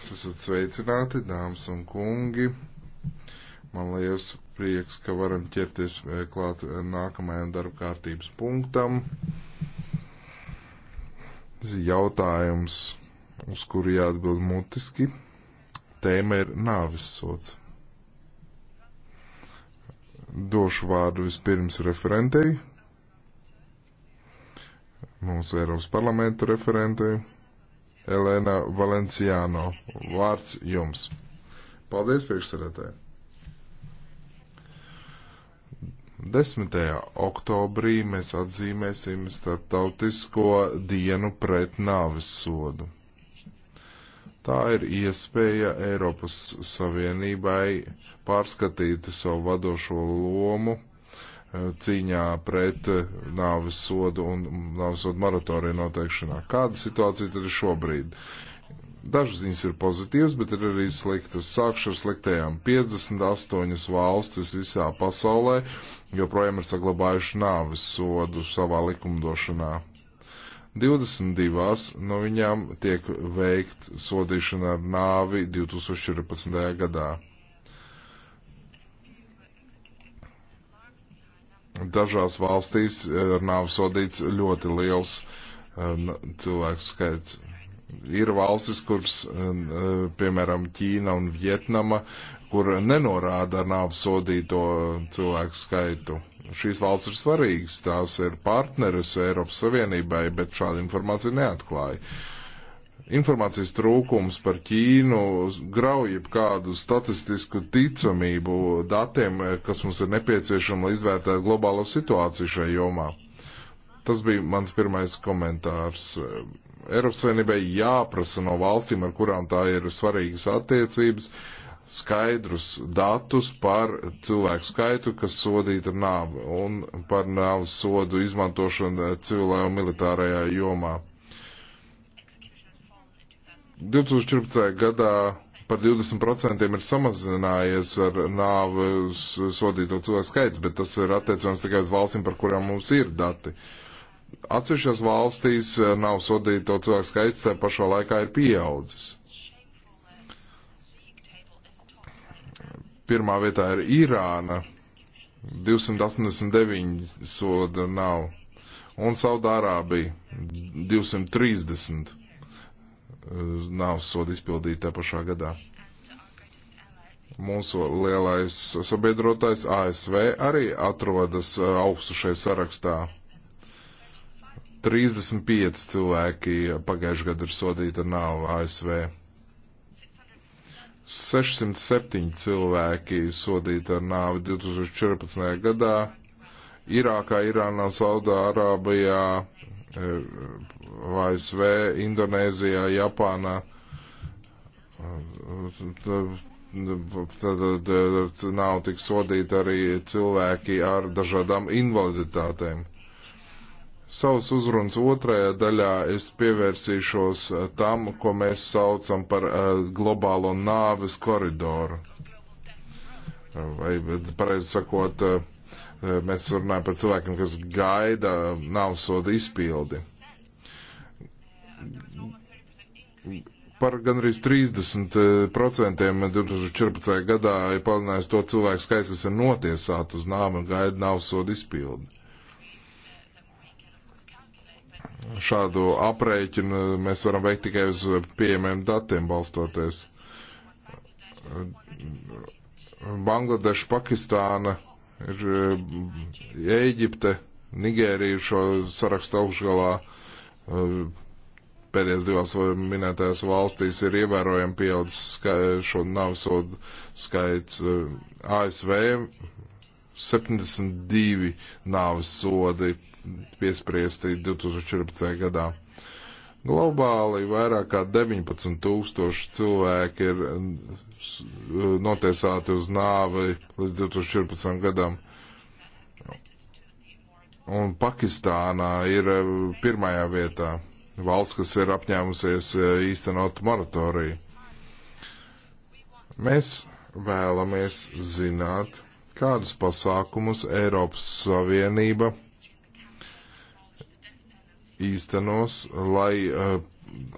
Jūs esat sveicināti, dāmas un kungi. Man liekas prieks, ka varam ķerties eh, klāt eh, nākamajam darba kārtības punktam. Tas ir jautājums, uz kuru jāatbild mutiski. Tēma ir nāvis sots. Došu vārdu vispirms referentei, mūsu Eiropas parlamenta referentei. Elēna Valenciāno. Vārds jums. Paldies, priekšsēdētāji. 10. oktobrī mēs atzīmēsim starptautisko dienu pret nāvis sodu. Tā ir iespēja Eiropas Savienībai pārskatīt savu vadošo lomu cīņā pret nāves sodu un nāves sodu moratoriju noteikšanā. Kāda situācija tad ir šobrīd? Dažas ziņas ir pozitīvas, bet ir arī sliktas. Sākšu ar sliktajām. 58 valstis visā pasaulē joprojām ir saglabājuši nāves sodu savā likumdošanā. 22 no viņām tiek veikt sodīšana ar nāvi 2014. gadā Dažās valstīs eh, nav sodīts ļoti liels eh, cilvēku skaits. Ir valstis, kuras, eh, piemēram, Ķīna un Vietnama, kur nenorāda nāves sodīto cilvēku skaitu. Šīs valsts ir svarīgas, tās ir partneres Eiropas Savienībai, bet šāda informācija neatklāja. Uh, Informācijas trūkums par Ķīnu grauj kādu statistisku ticamību datiem, kas mums ir nepieciešama, lai izvērtētu globālo situāciju šajā jomā. Tas bija mans pirmais komentārs. Eiropas Savienībai jāprasa no valstīm, ar kurām tā ir svarīgas attiecības, skaidrus datus par cilvēku skaitu, kas sodīta nāve un par nāves sodu izmantošanu civilajā un militārajā jomā. 2014. gadā par 20% ir samazinājies ar nāvu sodīto cilvēku skaits, bet tas ir attiecams tikai uz valstīm, par kurām mums ir dati. Atsevišķās valstīs nav sodīto cilvēku skaits, tā pašā laikā ir pieaudzis. Pirmā vietā ir Irāna, 289 soda nav, un Saudārābija 230. Eh, nav sodu izpildīti tā pašā gadā. Mūsu lielais sabiedrotais ASV arī atrodas eh, augstu šai sarakstā. 35 cilvēki pagājušajā gadā ir sodīti ar nāvu ASV. 607 cilvēki sodīti ar nāvi 2014. gadā. Irākā, Irānā, Saudārābijā, Eh, ASV, Indonēzijā, Japānā. Tad nav tik sodīti arī cilvēki ar dažādām invaliditātēm. Savas uzrunas otrajā daļā es pievērsīšos tam, ko mēs saucam par eh, globālo nāves koridoru. Vai, pareizi sakot, uh, Mēs runājam par cilvēkiem, kas gaida navsoda izpildi. Par gandrīz 30% 2014. gadā ir palielinājis to cilvēku skaits, kas ir notiesāti uz nāvi un gaida navsoda izpildi šādu aprēķinu mēs varam veikt tikai uz pieejamiem datiem balstoties. Bangladeša, Pakistāna ir Eģipte, eh, Nigērija šo sarakstu augšgalā. Eh, Pēdējās divās minētajās valstīs ir ievērojami pieaudzis šo navsodu skaits. ASV 72 nāves sodi piespriesti 2014. gadā. Globāli vairāk kā 19 tūkstoši cilvēki ir notiesāti uz nāvi līdz 2014 gadam. Un Pakistānā ir e, pirmajā vietā valsts, kas ir apņēmusies e, īstenot moratoriju. Mēs vēlamies zināt, kādus pasākumus Eiropas Savienība īstenos, lai eh,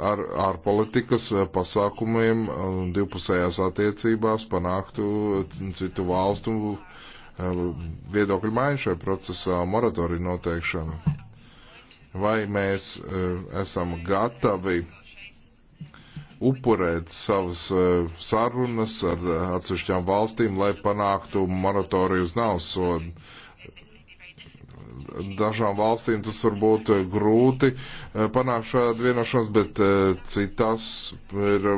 ar ārpolitikas eh, pasākumiem un eh, divpusējās attiecībās panāktu citu valstu viedokļu maiņu šajā procesā, moratoriju noteikšanu. Vai mēs esam gatavi upurēt savas sarunas ar atsevišķām valstīm, lai panāktu moratoriju uz nausodu? dažām valstīm tas var būt eh, grūti eh, panākt šādu vienošanos, bet eh, citās ir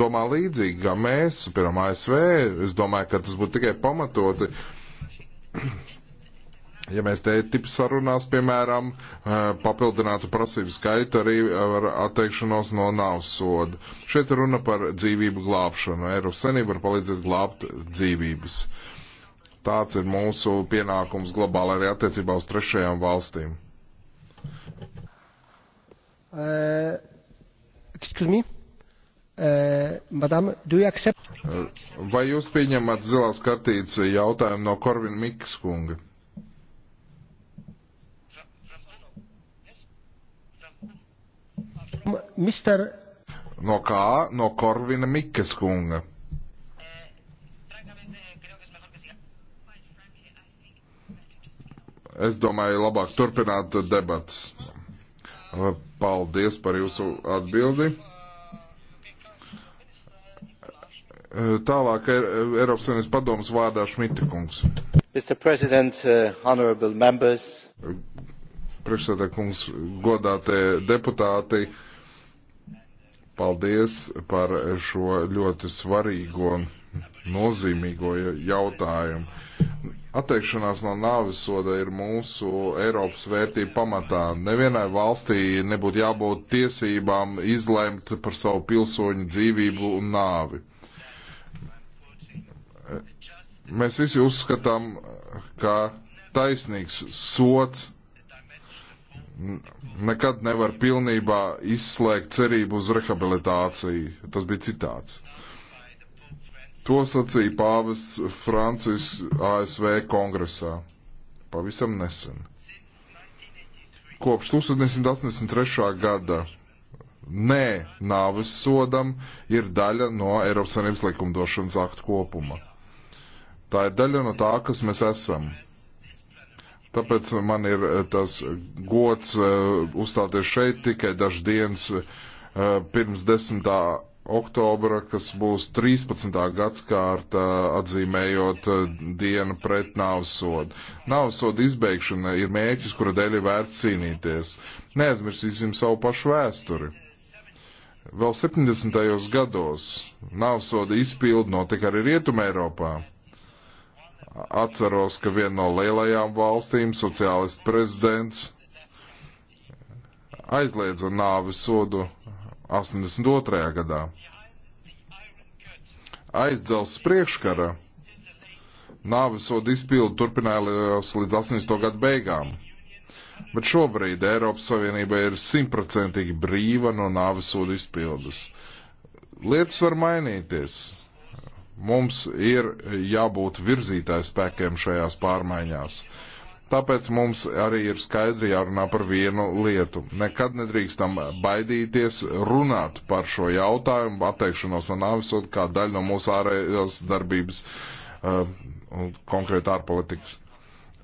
domā līdzīgi, kā mēs, piemēram, ASV. Es domāju, ka tas būtu tikai pamatoti. Ja mēs te tipu sarunās, piemēram, papildinātu prasību skaitu arī ar atteikšanos no nāvs soda. Šeit runa par dzīvību glābšanu. Eiropas senība var palīdzēt glābt dzīvības. Uh, Tāds ir mūsu pienākums globāli arī attiecībā uz trešajām valstīm. Uh, excuse me. Uh, eh, madam, accept... Eh, vai jūs pieņemat zilās kartītes jautājumu no Korvina Mikas kunga? Mister... No kā? No Korvina Mikas kunga. Es domāju, labāk turpināt debats. Paldies par jūsu atbildi. Tālāk e- Eiropas Savienības padomas vārdā Šmita kungs. Mr. President, uh, honorable members. Priekšsēdē kungs, godātie deputāti, paldies par šo ļoti svarīgo, nozīmīgo jautājumu Atteikšanās no nāves soda ir mūsu Eiropas vērtība pamatā. Nevienai valstī nebūtu jābūt tiesībām izlemt par savu pilsoņu dzīvību un nāvi. Mēs visi uzskatām, ka taisnīgs sots nekad nevar pilnībā izslēgt cerību uz rehabilitāciju. Tas bija citāts. To sacīja pāvis Francis ASV kongresā pavisam nesen. Kopš 1983. gada nē nāves sodam ir daļa no Eiropas Savienības likumdošanas aktu kopuma. Tā ir daļa no tā, kas mēs esam. Tāpēc man ir eh, tas gods uh, uzstāties šeit tikai dažas dienas uh, pirms 10 oktobra, kas būs 13. gadskārta atzīmējot eh, dienu pret navsodu. Navsoda izbeigšana ir mērķis, kura dēļ ir vērts cīnīties. Neaizmirsīsim savu pašu vēsturi. Vēl 70. gados navsoda izpildu notika arī Rietumē Eiropā. Atceros, ka viena no lielajām valstīm sociālistu prezidents aizliedza nāves sodu 82. gadā. Aizdzels priekškara nāvesodu izpildu turpinājās līdz 80. gadu beigām. Bet šobrīd Eiropas Savienība ir simtprocentīgi brīva no nāvesodu izpildes. Lietas var mainīties. Mums ir jābūt virzītāju spēkiem šajās pārmaiņās. Tāpēc mums arī ir skaidri jārunā par vienu lietu. Nekad nedrīkstam baidīties runāt par šo jautājumu, atteikšanos no nāvisodu kā daļu no mūsu ārējās darbības uh, un konkrēti ārpolitikas.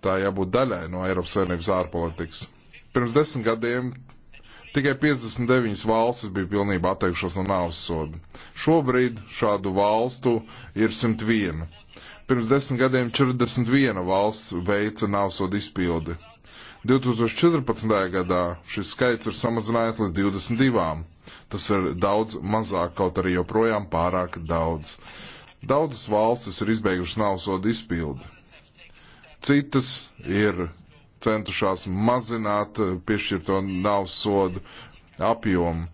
Tā jābūt daļai no Eiropas Savienības ārpolitikas. Pirms desmit gadiem Tikai 59 valstis bija pilnībā atteikušās no nāves soda. Šobrīd šādu valstu ir 101. Pirms desmit gadiem 41 valsts veica nāves sodu izpildi. 2014. gadā šis skaits ir samazinājies līdz 22. Tas ir daudz mazāk, kaut arī joprojām pārāk daudz. Daudzas valstis ir izbeigušas nāves sodu izpildi. Citas ir centušās mazināt eh, piešķirto naudas sodu apjomu.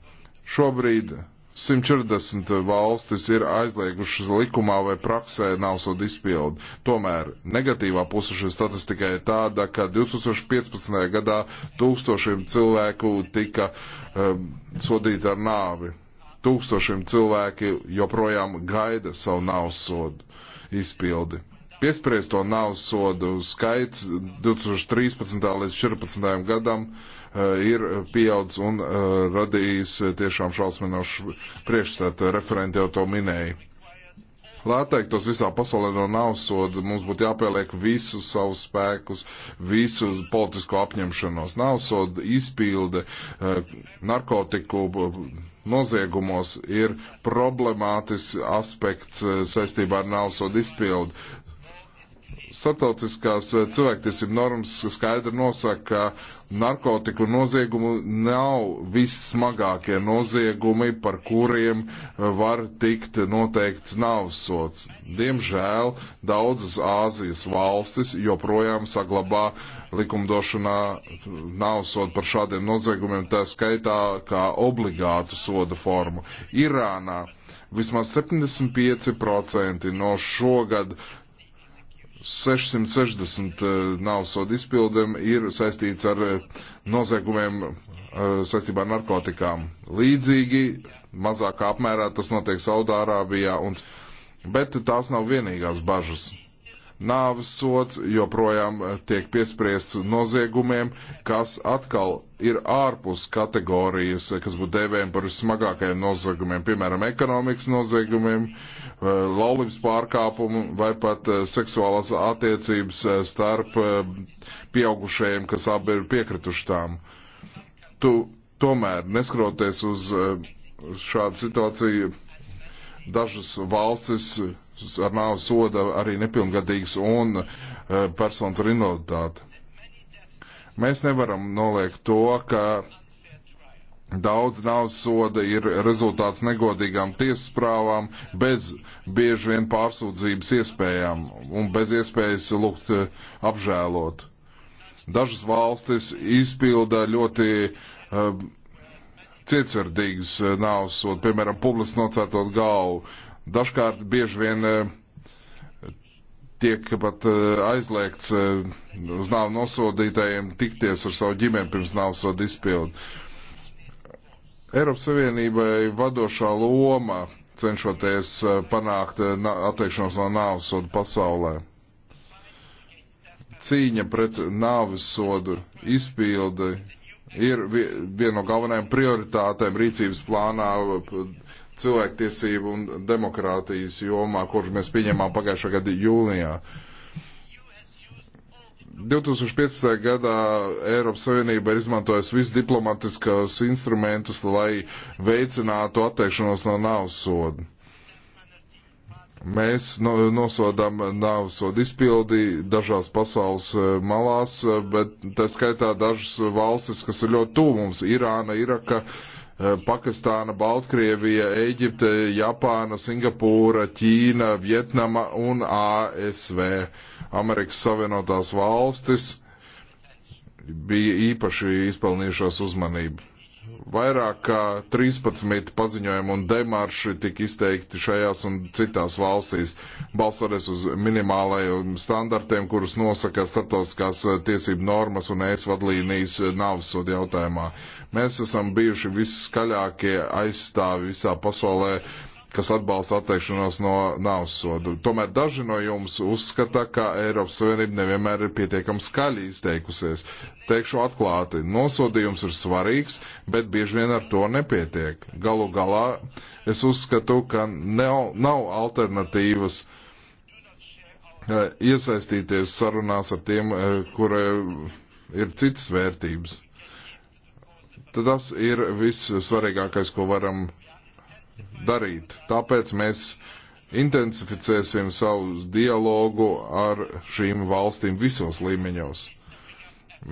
Šobrīd 140 valstis ir aizliegušas likumā vai praksē nausodu izpildu. Tomēr negatīvā puse šai statistikai ir tāda, ka 2015. gadā tūkstošiem cilvēku tika um, sodīti ar nāvi. Tūkstošiem cilvēki joprojām gaida savu nausodu izpildi. Piespriesto nāvs sodu skaits 2013. līdz 2014. gadam eh, ir pieaudzis un eh, radījis eh, tiešām šausminošu priekšstatu. Referenti jau to minēja. Lai atteiktos visā pasaulē no navsoda, mums būtu jāpieliek visus savus spēkus, visu politisko apņemšanos. Navsoda izpilde narkotiku noziegumos ir problemātisks aspekts saistībā ar navsoda izpildi. Startautiskās eh, cilvēktiesību normas skaidri nosaka, ka narkotiku noziegumu nav vissmagākie noziegumi, par kuriem eh, var tikt noteikts navsots. Diemžēl daudzas Āzijas valstis joprojām saglabā likumdošanā navsot par šādiem noziegumiem, tā skaitā kā obligātu soda formu. Irānā vismaz 75% no šogad 660 eh, navsodu izpildēm ir saistīts ar eh, noziegumiem eh, saistībā ar narkotikām. Līdzīgi mazākā apmērā tas notiek Saudārābijā, un, bet tās nav vienīgās bažas. Nāves sots joprojām eh, tiek piespriests noziegumiem, kas atkal ir ārpus kategorijas, eh, kas būtu dēvējami par smagākajiem noziegumiem, piemēram, ekonomikas noziegumiem, eh, laulības pārkāpumu vai pat seksuālās attiecības starp pieaugušajiem, kas abi ir piekrituši tām. Tu tomēr, neskroties uz šādu situāciju, dažas valstis ar nāvu soda arī nepilngadīgs un e, personas ar invaliditāti. Mēs nevaram noliegt to, ka daudz nāves soda ir rezultāts negodīgām tiesasprāvām, bez bieži vien pārsūdzības iespējām un bez iespējas lūgt e, apžēlot. Dažas valstis izpilda ļoti uh, cietsirdīgas eh, nāvesot, piemēram, publiski nocērtot galvu. Dažkārt bieži vien eh, tiek pat eh, aizliegts uz nāvu nosodītajiem tikties ar savu ģimeni pirms nāvesodu izpildu. Eiropas Savienībai vadošā loma cenšoties panākt attiekšanos no nāvesodu pasaulē. Cīņa pret nāvesodu izpildi ir viena no galvenajām prioritātēm rīcības plānā cilvēktiesību un demokrātijas jomā, kurš mēs pieņemām pagājušā gada jūnijā. 2015. gadā Eiropas Savienība ir izmantojusi visus diplomatiskos instrumentus, lai veicinātu atteikšanos no nāvsodu. Mēs nosodām nāvsodu izpildi dažās pasaules eh, malās, eh, bet tā skaitā dažas valstis, kas ir ļoti tuvu mums - Irāna, Iraka, eh, Pakistāna, Baltkrievija, Eģipte, Japāna, Singapūra, Ķīna, Vietnama un ASV. Amerikas Savienotās valstis bija īpaši izpelnījušās uzmanību. Vairāk kā 13 paziņojumi un demarši tika izteikti šajās un citās valstīs, balstoties uz minimālajiem standartiem, kurus nosaka starptautiskās eh, tiesību normas un ēs vadlīnijas eh, navsod jautājumā. Mēs esam bijuši visskaļākie aizstāvi visā pasaulē kas atbalsta atteikšanos no nāves sodu. Tomēr daži no jums uzskata, ka Eiropas Savienība nevienmēr ir pietiekami skaļi izteikusies. Teikšu atklāti, nosodījums ir svarīgs, bet bieži vien ar to nepietiek. Galu galā es uzskatu, ka nav, nav alternatīvas eh, iesaistīties sarunās ar tiem, eh, kuri ir citas vērtības. Tad tas ir viss svarīgākais, ko varam darīt. Tāpēc mēs intensificēsim savu dialogu ar šīm valstīm visos līmeņos.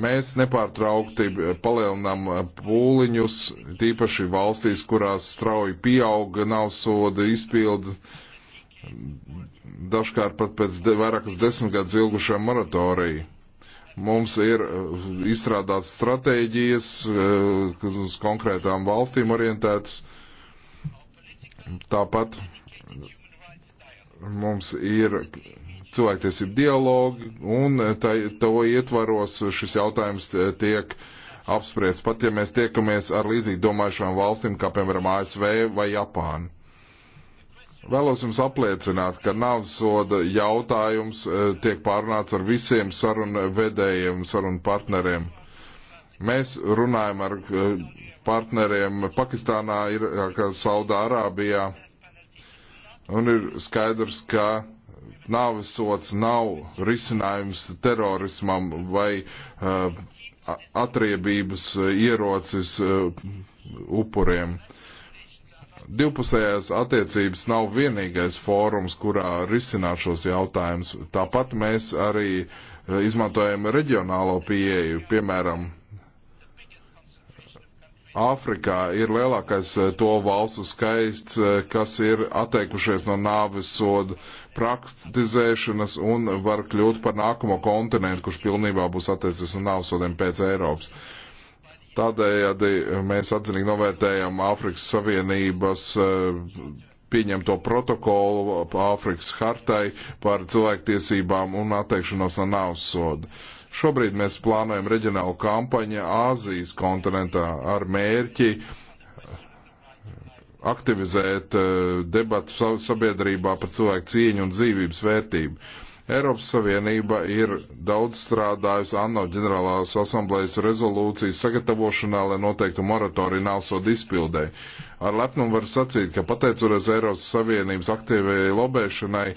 Mēs nepārtraukti palielinām pūliņus, tīpaši valstīs, kurās strauji pieauga nausoda izpildi, dažkārt pat pēc de, vairākas desmitgadus ilgušā moratorija. Mums ir eh, izstrādāts stratēģijas, kas eh, uz konkrētām valstīm orientētas, uh, Tāpat mums ir cilvēktiesību dialogi, un tā, to ietvaros šis jautājums tiek apspriests, pat ja mēs tiekamies ar līdzīgi domājušām valstīm, kā piemēram ASV vai Japāna. Vēlos jums apliecināt, ka navsoda jautājums e, tiek pārnāts ar visiem sarunu vedējiem, sarunu partneriem. Mēs runājam ar e, partneriem Pakistānā, Irākā, Saudārābijā. Un ir skaidrs, ka nāvesots nav risinājums terorismam vai uh, atriebības ierocis uh, upuriem. Divpusējās attiecības nav vienīgais fórums, kurā risināt šos jautājumus. Tāpat mēs arī izmantojam reģionālo pieeju, piemēram, Āfrikā ir lielākais eh, to valstu skaists, eh, kas ir atteikušies no nāves sodu praktizēšanas un var kļūt par nākamo kontinentu, kurš pilnībā būs attiecies no nāves sodiem pēc Eiropas. Tādējādi mēs atzinīgi novērtējam Āfrikas Savienības uh, pieņemto protokolu Āfrikas hartai par cilvēktiesībām un atteikšanos no nāvs soda. Šobrīd mēs plānojam reģionālu kampaņu Āzijas kontinentā ar mērķi aktivizēt eh, debatu sabiedrībā par cilvēku cieņu un dzīvības vērtību Eiropas Savienība ir daudz strādājusi ANO ģenerālās asamblējas rezolūcijas sagatavošanā, lai noteiktu moratoriju nāsot izpildē. Ar lepnumu var sacīt, ka pateicoties Eiropas Savienības aktīvajai lobēšanai,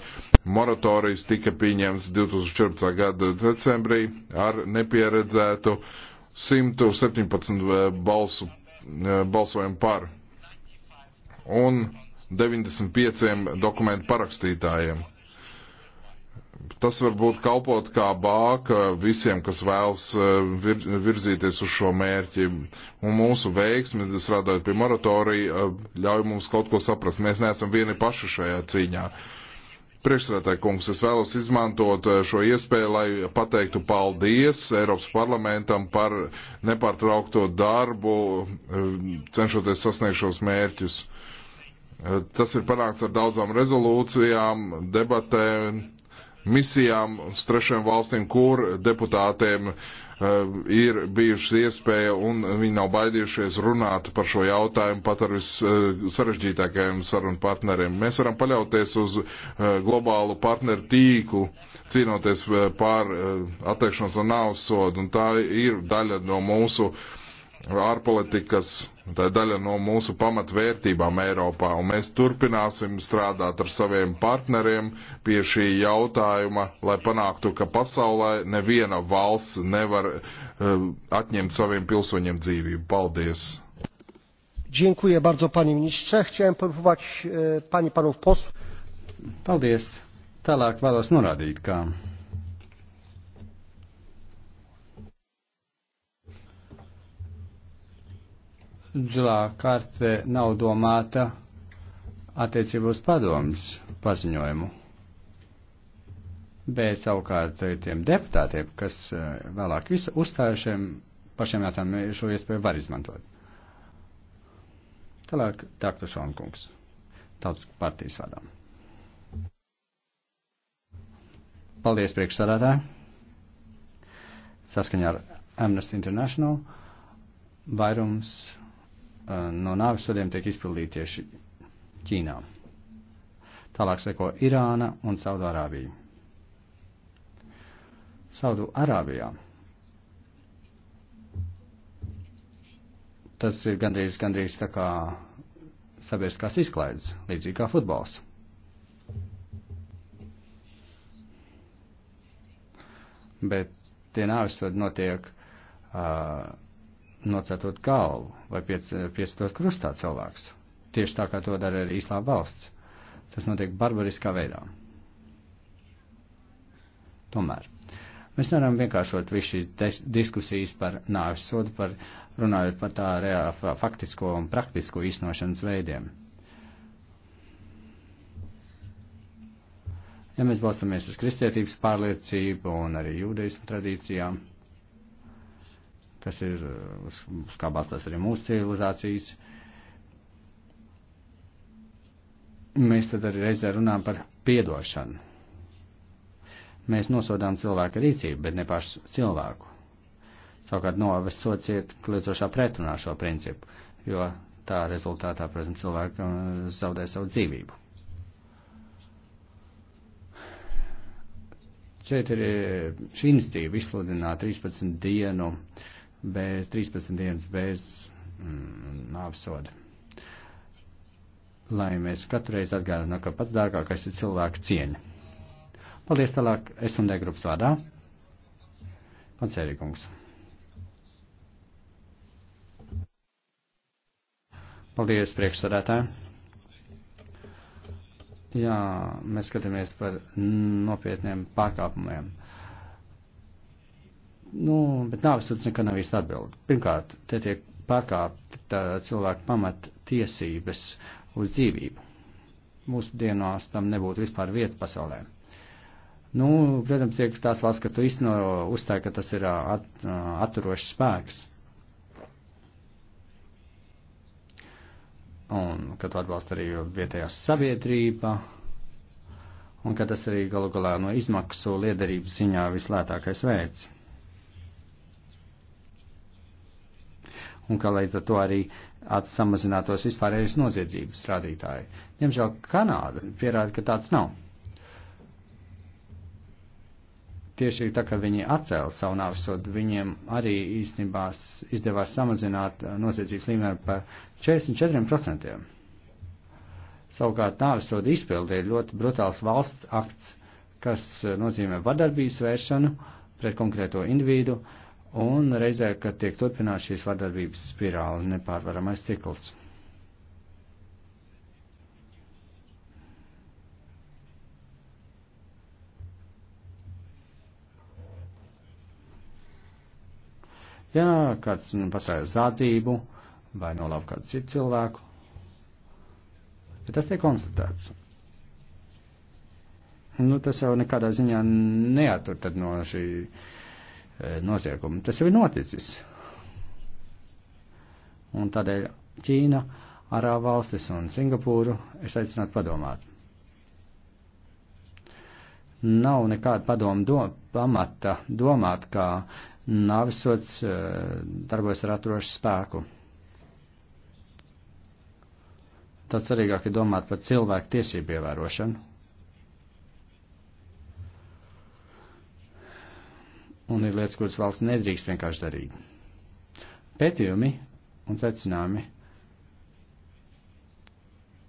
moratorijas tika pieņemts 2014. gada decembrī ar nepieredzētu 117 eh, balsu, eh, balsojumu par un 95 dokumentu parakstītājiem. Tas varbūt kalpot kā bāka visiem, kas vēlas eh, vir, virzīties uz šo mērķi. Un mūsu veiksmi, strādājot pie moratorija, eh, ļauj mums kaut ko saprast. Mēs neesam vieni paši šajā cīņā. Priekšsēdētāji kungs, es vēlos izmantot eh, šo iespēju, lai pateiktu paldies Eiropas parlamentam par nepārtraukto darbu, cenšoties sasniegt šos mērķus. Tas ir panākts ar daudzām rezolūcijām, debatēm misijām uz trešajām valstīm, kur deputātiem uh, ir bijušas iespēja un viņi nav baidījušies runāt par šo jautājumu pat ar vissarežģītākajiem eh, uh, sarunu partneriem. Mēs varam paļauties uz uh, globālu partneru tīklu, cīnoties pār atteikšanos no nāvsodu, un tā ir daļa no mūsu uh, ārpolitikas, tā ir daļa no mūsu pamatvērtībām Eiropā, un mēs turpināsim strādāt ar saviem partneriem pie šī jautājuma, lai panāktu, ka pasaulē neviena valsts nevar uh, atņemt saviem pilsoņiem dzīvību. Paldies! Dziękuję bardzo panie ministrze. Chciałem poinformować e, pani panów posłów. Paldies. Tālāk vēlos norādīt, ka Zilā karte nav domāta attiecībos padomus paziņojumu, bet savukārt tiem deputātiem, kas e, vēlāk visu uzstājušiem pašiem jautājumiem šo iespēju var izmantot. Tālāk, Dr. Šonkungs, Tautas partijas vadām. Paldies, priekšsādātāji! Saskaņā ar Amnesty International vairums no nāves sodiem tiek izpildīti tieši Ķīnā. Tālāk seko Irāna un Saudārābija. Saudu Arābijā. Tas ir gandrīz, gandrīz tā kā sabiedriskās izklaides, līdzīgi kā futbols. Bet tie nāvis notiek uh, nocetot galvu vai piestot krustā cilvēks. Tieši tā kā to dara arī Īslā valsts. Tas notiek barbariskā veidā. Tomēr mēs nevaram vienkāršot visu šīs diskusijas par nāves sodu, par runājot par tā reāli faktisko un praktisko īstenošanas veidiem. Ja mēs balstamies uz kristietības pārliecību un arī jūdeismu tradīcijām, kas ir, uh, uz kā balstās arī mūsu civilizācijas. Mēs tad arī reizē runājam par piedošanu. Mēs nosodām cilvēku rīcību, bet ne pašu cilvēku. Savukārt novest societ kliecošā pretrunā šo principu, jo tā rezultātā, protams, cilvēki uh, zaudē savu dzīvību. Šeit ir uh, šī institīva izsludināt 13 dienu uh, bez 13 dienas bez mm, nāvsoda. Lai mēs katru reizi atgādinām, ka pats dārgākais ir cilvēka cieņa. Paldies tālāk S&D grupas vārdā. Pats Ērikungs. Paldies priekšsādātājiem. Jā, mēs skatāmies par nopietniem pārkāpumiem Nu, bet nāvesots nekad nav īsti atbildi. Pirmkārt, te tiek pārkāpta cilvēku pamat tiesības uz dzīvību. Mūsu dienās tam nebūtu vispār vietas pasaulē. Nu, protams, tiek tās valsts, kas to īsteno, uzstāja, ka tas ir at, atturošs spēks. Un ka to atbalsta arī vietējā sabiedrība. Un ka tas arī galu galā no izmaksu liederības ziņā vislētākais veids. un ka līdz ar to arī samazinātos vispārējais noziedzības rādītāji. Diemžēl Kanāda pierāda, ka tāds nav. Tieši tā, ka viņi atcēla savu nāvisodu, viņiem arī īstenībā izdevās samazināt uh, noziedzības līmeni par 44%. Savukārt nāvisodu izpildi ir ļoti brutāls valsts akts, kas uh, nozīmē vardarbības vēršanu pret konkrēto individu, uh, un reizē, kad tiek turpināts šīs vardarbības spirāli, nepārvaramais cikls. Jā, kāds nu, pasēž zādzību vai nolaup kādu citu cilvēku, bet tas tiek konstatēts. Nu, tas jau nekādā ziņā neatur tad no šī. Uh, noziegumu. Tas jau ir noticis. Un tādēļ Ķīna, Arābu valstis un Singapūru es aicinātu padomāt. Nav nekāda padoma do, pamata domāt, ka nāvisots eh, darbojas ar atrošu spēku. Tad svarīgāk ir domāt par cilvēku tiesību ievērošanu un ir lietas, kuras valsts nedrīkst vienkārši darīt. Pētījumi un secinājumi,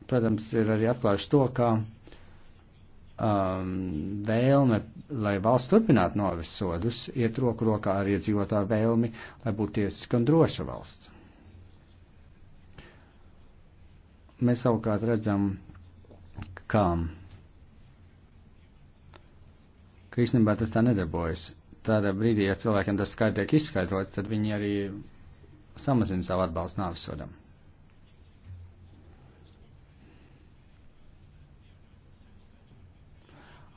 protams, ir arī atklājuši to, ka um, vēlme, lai valsts turpinātu novest sodus, iet roku rokā ar iedzīvotāju vēlmi, lai būtu tiesiska un droša valsts. Mēs savukārt redzam, ka, ka īstenībā tas tā nedarbojas tādā brīdī, ja cilvēkiem tas skaidri tiek izskaidrots, tad viņi arī samazina savu atbalstu nāvisodam.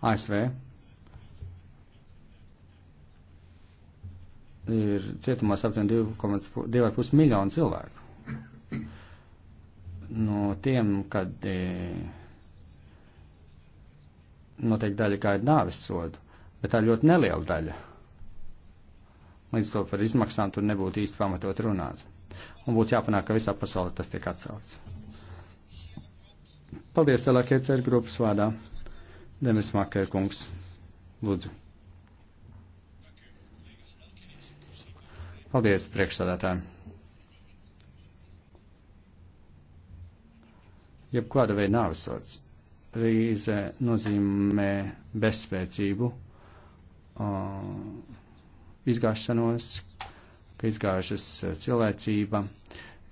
ASV ir cietumos aptuveni 2,5 miljonu cilvēku. No tiem, kad e, noteikti daļa gaida nāvis sodu, bet tā ļoti neliela daļa. Līdz to par izmaksām tur nebūtu īsti pamatot runāt. Un būtu jāpanāk, ka visā pasaulē tas tiek atcelts. Paldies, tālākie ceļu grupas vārdā. Demis Makēr kungs, lūdzu. Paldies, priekšsādātājiem. Jebkāda veida nāvisots reizē nozīmē bezspēcību. Uh, izgāšanos, ka izgāžas eh, cilvēcība,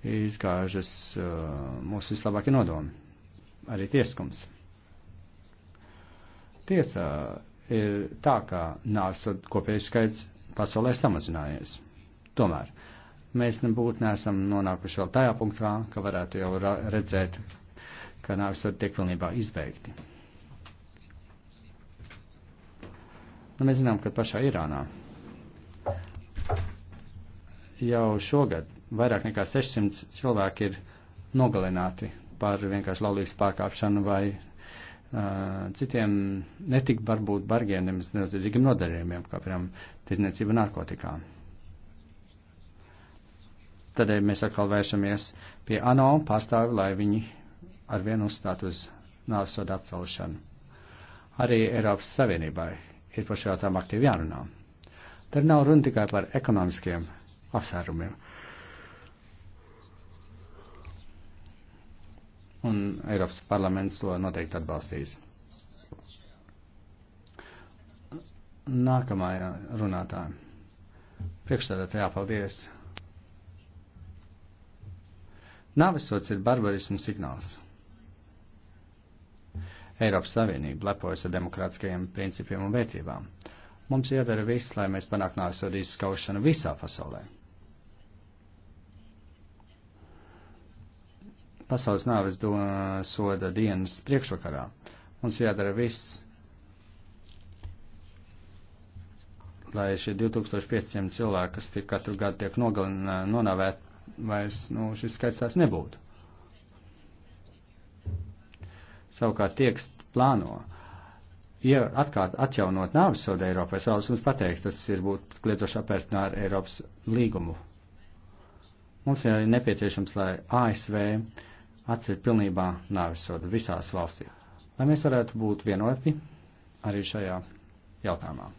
izgāžas eh, mūsu vislabākie nodomi, arī tieskums. Tiesa ir tā, ka nāsot kopējais skaits pasaulē samazinājies. Tomēr mēs nebūtu nesam nonākuši vēl tajā punktā, ka varētu jau redzēt, ka nāksot tiek pilnībā izbeigti. Nu, mēs zinām, ka pašā Irānā Jau šogad vairāk nekā 600 cilvēki ir nogalināti par vienkārši laulības pārkāpšanu vai uh, citiem netik varbūt bargiem, nemaz neraudzīgiem nodarījumiem, kā piemēram tirzniecība narkotikām. Tādēļ mēs atkal vēršamies pie ANO pārstāvi, lai viņi arvien uzstātu uz nāves sodu atcelšanu. Arī Eiropas Savienībai ir par šo jautājumu aktīvi jārunā. Tad nav runa tikai par ekonomiskiem apsvērumiem. Un Eiropas parlaments to noteikti atbalstīs. Nākamā runātāja. Priekšstādātājā paldies. Nāvisots ir barbarismu signāls. Eiropas Savienība lepojas ar demokrātiskajiem principiem un vērtībām. Mums jādara viss, lai mēs panāktu nāsodīs skaušanu visā pasaulē. Pasaules nāves do, soda dienas priekšvakarā. Mums jādara viss, lai šie 2500 cilvēki, kas tik katru gadu tiek nogalināti, nonāvēt, vairs nu, šis skaits tās nebūtu. Savukārt tieks plāno ja atkārt atjaunot nāvis sodu Eiropā, es vēlos jums pateikt, tas ir būt kliedzoši apērtinā ar Eiropas līgumu. Mums ir arī nepieciešams, lai ASV atcer pilnībā nāvis sodu visās valstī, lai mēs varētu būt vienoti arī šajā jautājumā.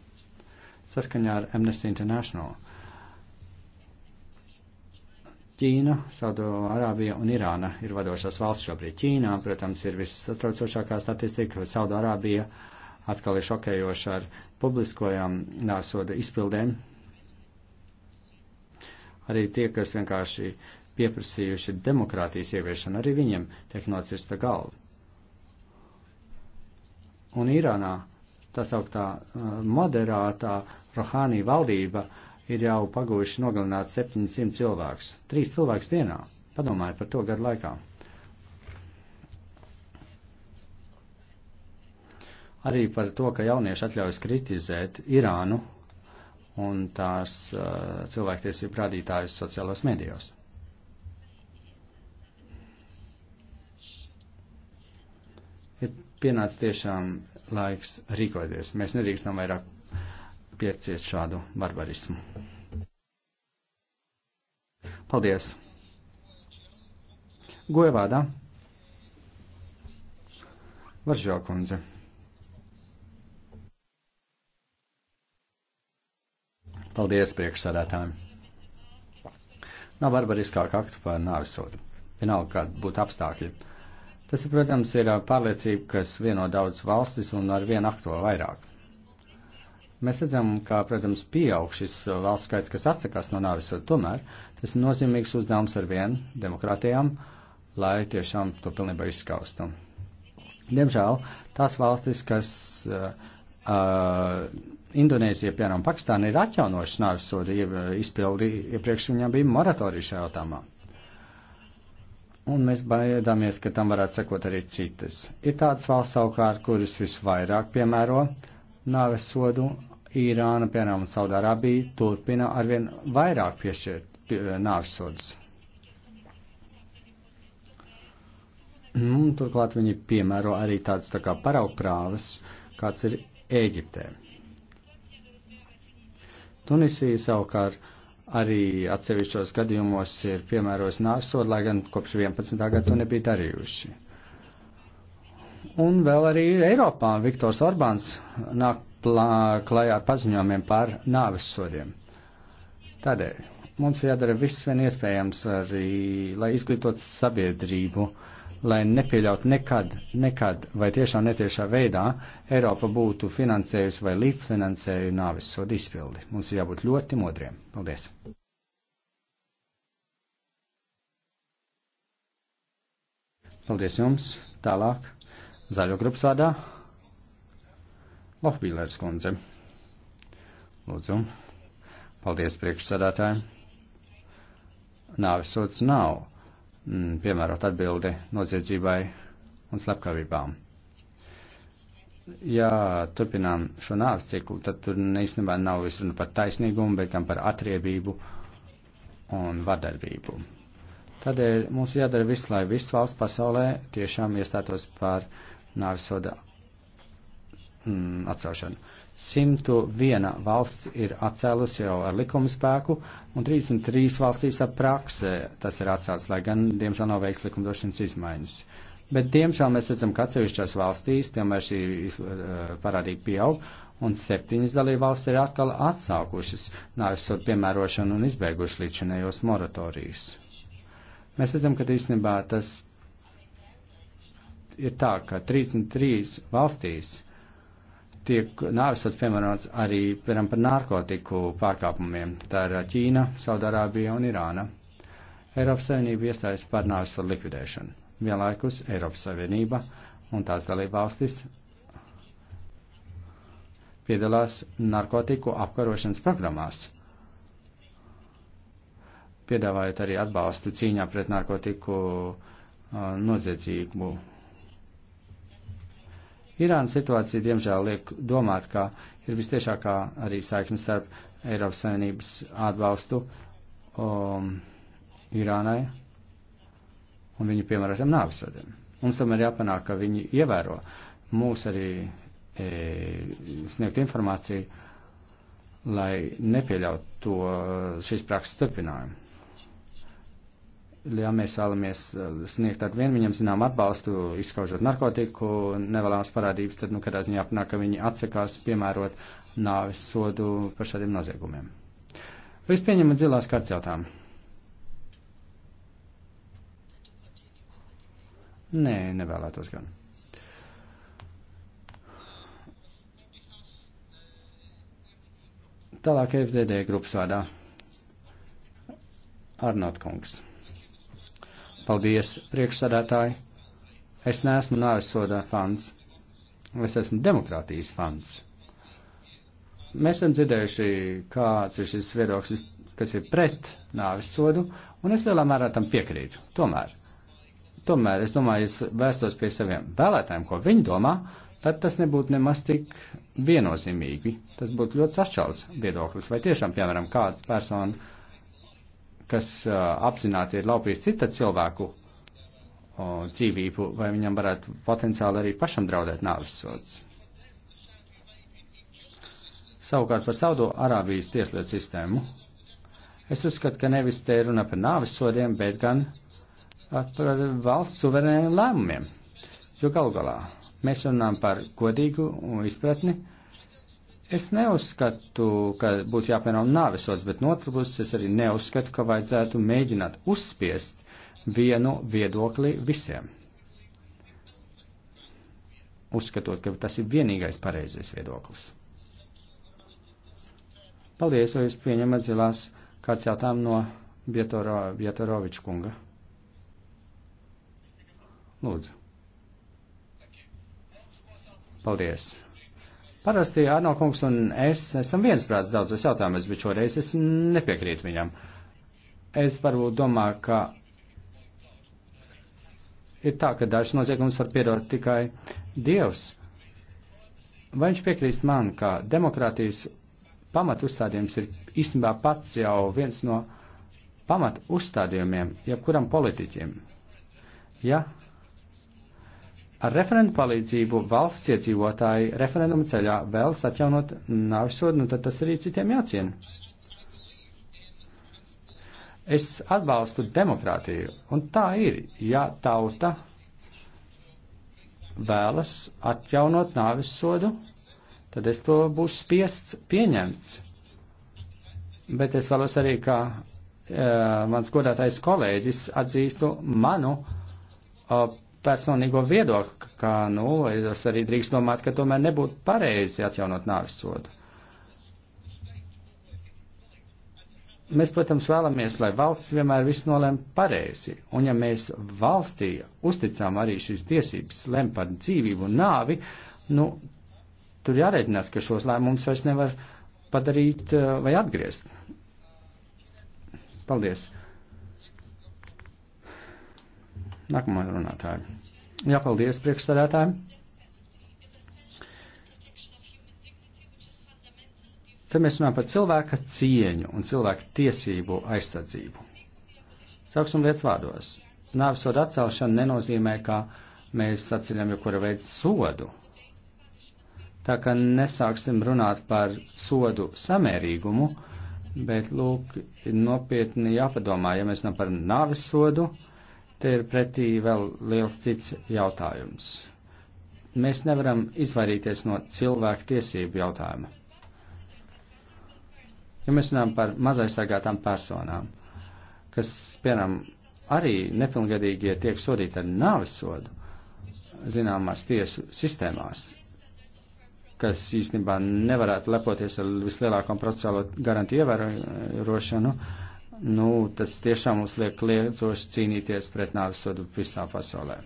Saskaņā ar Amnesty International. Ķīna, Saudārābija un Irāna ir vadošās valsts šobrīd. Ķīnā, protams, ir vissatraucošākā statistika, Saudārābija. Uh, atkal ir šokējoši ar publiskojām nāsoda izpildēm. Arī tie, kas vienkārši pieprasījuši demokrātijas ieviešanu, arī viņiem tiek nocirsta galva. Un Irānā tā sauktā uh, moderātā Rohānī valdība ir jau pagūjuši nogalināt 700 cilvēkus, 3 cilvēkus dienā. Padomājiet par to gadu laikā. arī par to, ka jaunieši atļaujas kritizēt Irānu un tās uh, cilvēktiesību rādītājus sociālos medijos. Ir pienācis tiešām laiks rīkoties. Mēs nedrīkstam vairāk pieciest šādu barbarismu. Paldies! Goevādā! Varžokundze! Paldies priekšsādātājiem. Nav barbariskāk aktu par nāvisodu. Vienalga, kāda būtu apstākļi. Tas, protams, ir pārliecība, kas vieno daudz valstis un ar vienu akto vairāk. Mēs redzam, ka, protams, pieaug šis valsts skaits, kas atsakās no nāvisoda. Tomēr tas ir nozīmīgs uzdevums ar vienu demokrātijām, lai tiešām to pilnībā izskaustu. Diemžēl tās valstis, kas uh, uh, Indonēzija, piemēram, Pakistāna ir atjaunojuši nāves sodu eh, izpildi, iepriekš viņām bija moratorija šajā jautājumā. Un mēs baidāmies, ka tam varētu sekot arī citas. Ir tādas valsts savukārt, kuras visvairāk piemēro nāves sodu. Īrāna, piemēram, un Saudārābija turpina arvien vairāk piešķirt eh, nāves sodus. Nu, turklāt viņi piemēro arī tādas tā kā paraugprāvas, kāds ir Ēģiptē. Tunisija savukārt arī atsevišķos gadījumos ir piemēros nāsot, lai gan kopš 11. gada to nebija darījuši. Un vēl arī Eiropā Viktors Orbāns nāk plā, klajā ar paziņojumiem par nāves sodiem. Tādēļ mums jādara viss vien iespējams arī, lai izglītot sabiedrību. Uh, lai nepieļaut nekad, nekad vai tiešā netiešā veidā Eiropa būtu finansējusi vai līdzfinansējusi nāvis sodu izpildi. Mums ir jābūt ļoti modriem. Paldies! Paldies jums! Tālāk zaļo grupas vārdā Lohbīlērs kundze. Lūdzu, paldies priekšsādātājiem. Nāvisots nav mm, piemērot atbildi noziedzībai un slepkavībām. Ja turpinām šo nāves ciklu, tad tur īstenībā nav runa par taisnīgumu, bet gan par atriebību un vardarbību. Tādēļ mums jādara viss, lai viss valsts pasaulē tiešām iestātos par nāves soda mm, atcelšanu. 101 valsts ir atcēlus jau ar likumu spēku, un 33 valstīs ar praksē tas ir atcelts, lai gan, diemžēl, nav veikts likumdošanas izmaiņas. Bet, diemžēl, mēs redzam, ka atsevišķās valstīs tomēr šī uh, parādība pieaug, un septiņas dalībvalstis ir atkal atsākušas nāvisot piemērošanu un izbeiguši līdzinējos moratorijas. Mēs redzam, ka īstenībā tas ir tā, ka 33 valstīs tiek nāvesots piemērots arī piemēram, par narkotiku pārkāpumiem. Tā ir Ķīna, Saudārābija un Irāna. Eiropas Savienība iestājas par nāvesotu likvidēšanu. Vienlaikus Eiropas Savienība un tās dalībvalstis piedalās narkotiku apkarošanas programmās, piedāvājot arī atbalstu cīņā pret narkotiku uh, noziedzību Irānas situācija, diemžēl, liek domāt, ka ir vistiešākā arī saikne starp Eiropas Savienības atbalstu um, Irānai un viņu piemērotiem nāvisodiem. Mums tomēr jāpanāk, ka viņi ievēro mūs arī e, sniegt informāciju, lai nepieļaut to šīs prakses turpinājumu ja mēs vēlamies uh, sniegt ar vienu viņam zinām atbalstu, izskaužot narkotiku, nevēlams parādības, tad, nu, kādā ziņā apnāk, ka viņi atsakās piemērot nāves sodu par šādiem noziegumiem. Vai jūs pieņemat zilās kārtas jautājumu? Nē, nevēlētos gan. Tālāk FDD grupas vārdā. Arnot kungs. Paldies, priekšsādātāji. Es neesmu nāvisodā fans. Es esmu demokrātijas fans. Mēs esam dzirdējuši, kāds ir šis viedoklis, kas ir pret nāvis sodu, un es lielā mērā tam piekrītu. Tomēr, tomēr es domāju, es vēstos pie saviem vēlētājiem, ko viņi domā, tad tas nebūtu nemaz tik viennozīmīgi. Tas būtu ļoti sašķelts viedoklis, vai tiešām, piemēram, kāds persona kas apzināti ir laupījis cita cilvēku dzīvību, vai viņam varētu potenciāli arī pašam draudēt nāves sods. Savukārt par Saudo Arābijas tieslietu sistēmu. Es uzskatu, ka nevis te ir runa par nāves sodiem, bet gan par valsts suverēniem lēmumiem. Jo galu galā mēs runājam par godīgu izpratni Es neuzskatu, ka būtu jāpieno nāvesots, bet no otras puses es arī neuzskatu, ka vajadzētu mēģināt uzspiest vienu viedokli visiem. Uzskatot, ka tas ir vienīgais pareizais viedoklis. Paldies, vai jūs pieņemat zilās kāds jautājumu no Bietoro, Bietoroviča kunga? Lūdzu. Paldies. Parasti Arnokungs un es esam viensprāts daudzos jautājumus, bet šoreiz es nepiekrītu viņam. Es varbūt domāju, ka ir tā, ka dažs noziegums var piedot tikai Dievs. Vai viņš piekrīst man, ka demokrātijas pamatu uzstādījums ir īstenībā pats jau viens no pamatu uzstādījumiem jebkuram politiķiem? Ja Ar referendu palīdzību valsts iedzīvotāji referendumu ceļā vēlas atjaunot nāvisodu, nu tad tas arī citiem jāciena. Es atbalstu demokrātiju, un tā ir, ja tauta vēlas atjaunot nāvisodu, tad es to būšu spiests pieņemts. Bet es vēlos arī, ka e, mans godātais kolēģis atzīstu manu e, personīgo viedokli, ka, nu, es arī drīkst domāt, ka tomēr nebūtu pareizi atjaunot nāves sodu. Mēs, protams, vēlamies, lai valsts vienmēr viss nolem pareizi, un ja mēs valstī uzticām arī šīs tiesības lem par dzīvību un nāvi, nu, tur jāreicinās, ka šos lēmumus vairs nevar padarīt eh, vai atgriezt. Paldies! Nākamā runātāja. Jā, paldies priekšsēdētājiem. Te mēs runājam par cilvēka cieņu un cilvēka tiesību aizsardzību. Sauksim lietas vārdos. Nāves soda atcelšana nenozīmē, ka mēs atceļam jebkura veida sodu. Tā kā nesāksim runāt par sodu samērīgumu, bet, lūk, nopietni jāpadomā, ja mēs runājam par nāves sodu, uh, te ir pretī vēl liels cits jautājums. Mēs nevaram izvairīties no cilvēku tiesību jautājuma. Ja mēs runājam par mazaizsargātām personām, kas, piemēram, arī nepilngadīgie tiek sodīti ar nāves sodu zināmās tiesu sistēmās, kas īstenībā nevarētu lepoties ar vislielāko procesuālo garantiju ievērošanu, uh, nu, tas tiešām mums liek liedzoši cīnīties pret nāvis sodu visā pasaulē.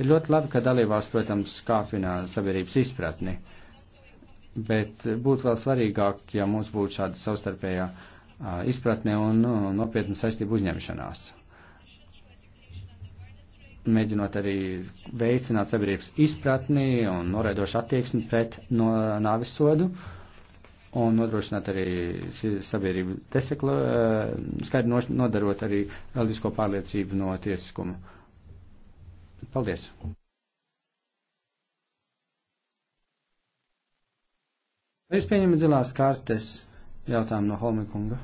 Ir ļoti labi, ka dalībās, protams, kāpina sabiedrības izpratni, bet būtu vēl svarīgāk, ja mums būtu šāda savstarpējā izpratne un nu, nopietna saistība uzņemšanās. Mēģinot arī veicināt sabiedrības izpratni un noraidošu attieksmi pret no nāvis sodu. Uh, un nodrošināt arī sabiedrību desekla, eh, skaidri nodarot arī reliģisko pārliecību no tiesiskuma. Paldies! Vai jūs pieņemat zilās kartes jautājumu no Holmikunga?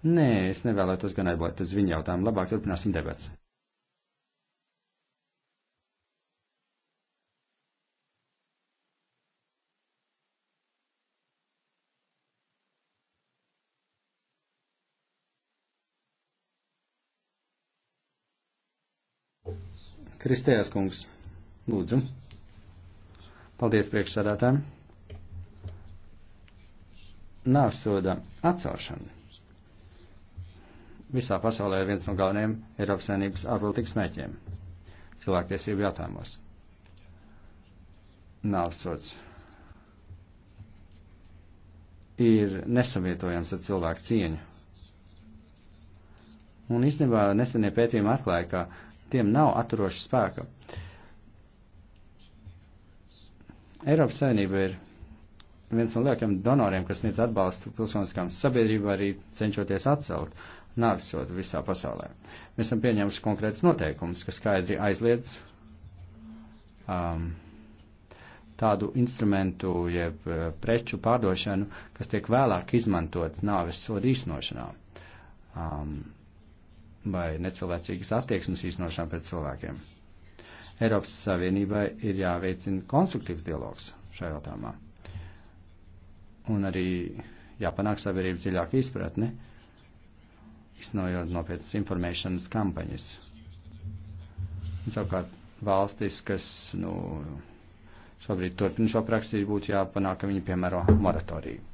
Nē, es nevēlētos gan aizbot uz viņu jautājumu. Labāk turpināsim debats. Kristējas kungs, lūdzu. Paldies priekšsādātājiem. Nāvsoda atcelšana visā pasaulē ir viens no galvenajiem Eiropas Savienības ārpolitikas mēķiem - cilvēktiesību jautājumos. Nāvsots ir nesavietojams ar cilvēku cieņu. Un īstenībā nesenie pētījumi atklāja, ka Tiem nav atturoša spēka. Eiropas saimnība ir viens no lielākajiem donoriem, kas sniedz atbalstu pilsoniskām sabiedrībām, arī cenšoties atcelt nāksot visā pasaulē. Mēs esam pieņēmuši konkrētus noteikumus, kas skaidri aizliedz um, tādu instrumentu jeb uh, preču pārdošanu, kas tiek vēlāk izmantot nāves sodu īsnošanā. Um, vai necilvēcīgas attieksmes īstenošanu pret cilvēkiem. Eiropas Savienībai ir jāveicina konstruktīvs dialogs šajā jautājumā. Un arī jāpanāk sabiedrības dziļāka izpratne, iznojot nopietnas informēšanas kampaņas. Un, savukārt, valstis, kas nu, šobrīd turpina šo praksi, būtu jāpanāk, ka viņi piemēro moratoriju.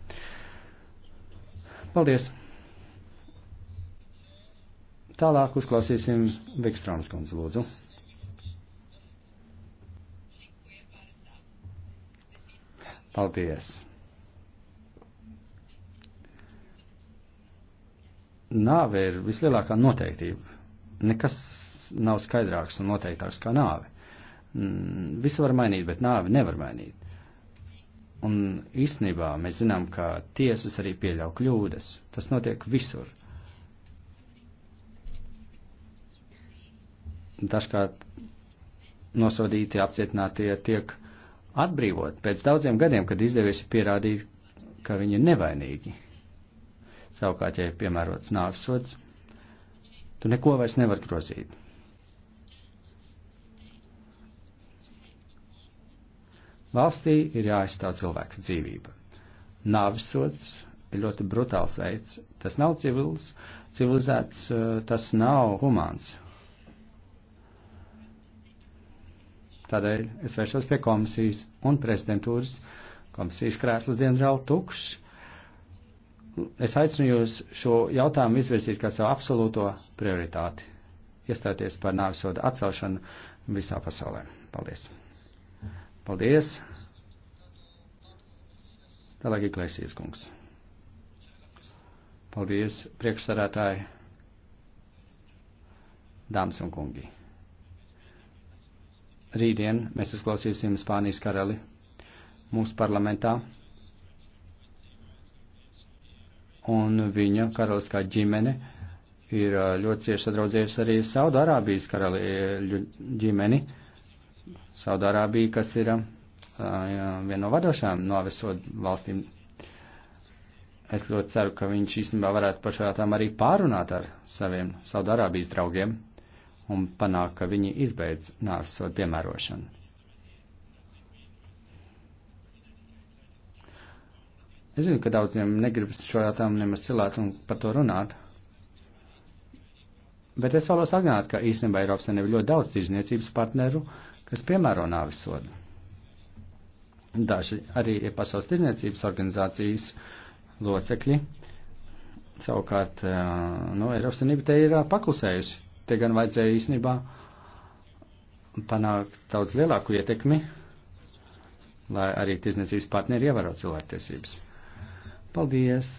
Paldies! Tālāk uzklausīsim Vikstrāmas kundzi lūdzu. Paldies! Nāve ir vislielākā noteiktība. Nekas nav skaidrāks un noteiktāks kā nāve. Mm, visu var mainīt, bet nāvi nevar mainīt. Un īstenībā mēs zinām, ka tiesas arī pieļauj kļūdas. Tas notiek visur. dažkārt nosodīti, apcietinātie tiek atbrīvot pēc daudziem gadiem, kad izdevies pierādīt, ka viņi ir nevainīgi. Savukārt, ja ir piemērots nāves sods, tu neko vairs nevar grozīt. Valstī ir jāaizstāv cilvēka dzīvība. Nāves sods ir ļoti brutāls veids. Tas nav civils, civilizēts, tas nav humāns. Tādēļ es vēršos pie komisijas un prezidentūras. Komisijas krēslas diemžēl tukšs. Es aicinu jūs šo jautājumu izvirzīt kā savu absolūto prioritāti. Iestāties par nāvisodu atcelšanu visā pasaulē. Paldies. Paldies. Tālāk Iglesijas kungs. Paldies, priekšsarētāji, dāmas un kungi. Rītdien mēs uzklausīsim Spānijas karali mūsu parlamentā. Un viņa karaliskā ģimene ir ļoti cieši sadraudzējusi arī Saudārābijas karali ģimeni. Saudārābija, kas ir uh, viena no vadošajām novesot valstīm. Es ļoti ceru, ka viņš īstenībā varētu par šādām arī pārunāt ar saviem Saudārābijas draugiem un panāk, ka viņi izbeidz nāvesot piemērošanu. Es zinu, ka daudziem negribas šo jautājumu nemaz cilāt un par to runāt. Bet es vēlos atgādināt, ka īstenībā Eiropas Savienība ļoti daudz tirzniecības partneru, kas piemēro nāvis sodu. Daži arī ir pasaules tirzniecības organizācijas locekļi. Savukārt, eh, nu, Eiropas Savienība te ir eh, paklusējusi te gan vajadzēja īstenībā panākt daudz lielāku ietekmi, lai arī tirzniecības partneri ievēro cilvēktiesības. Paldies!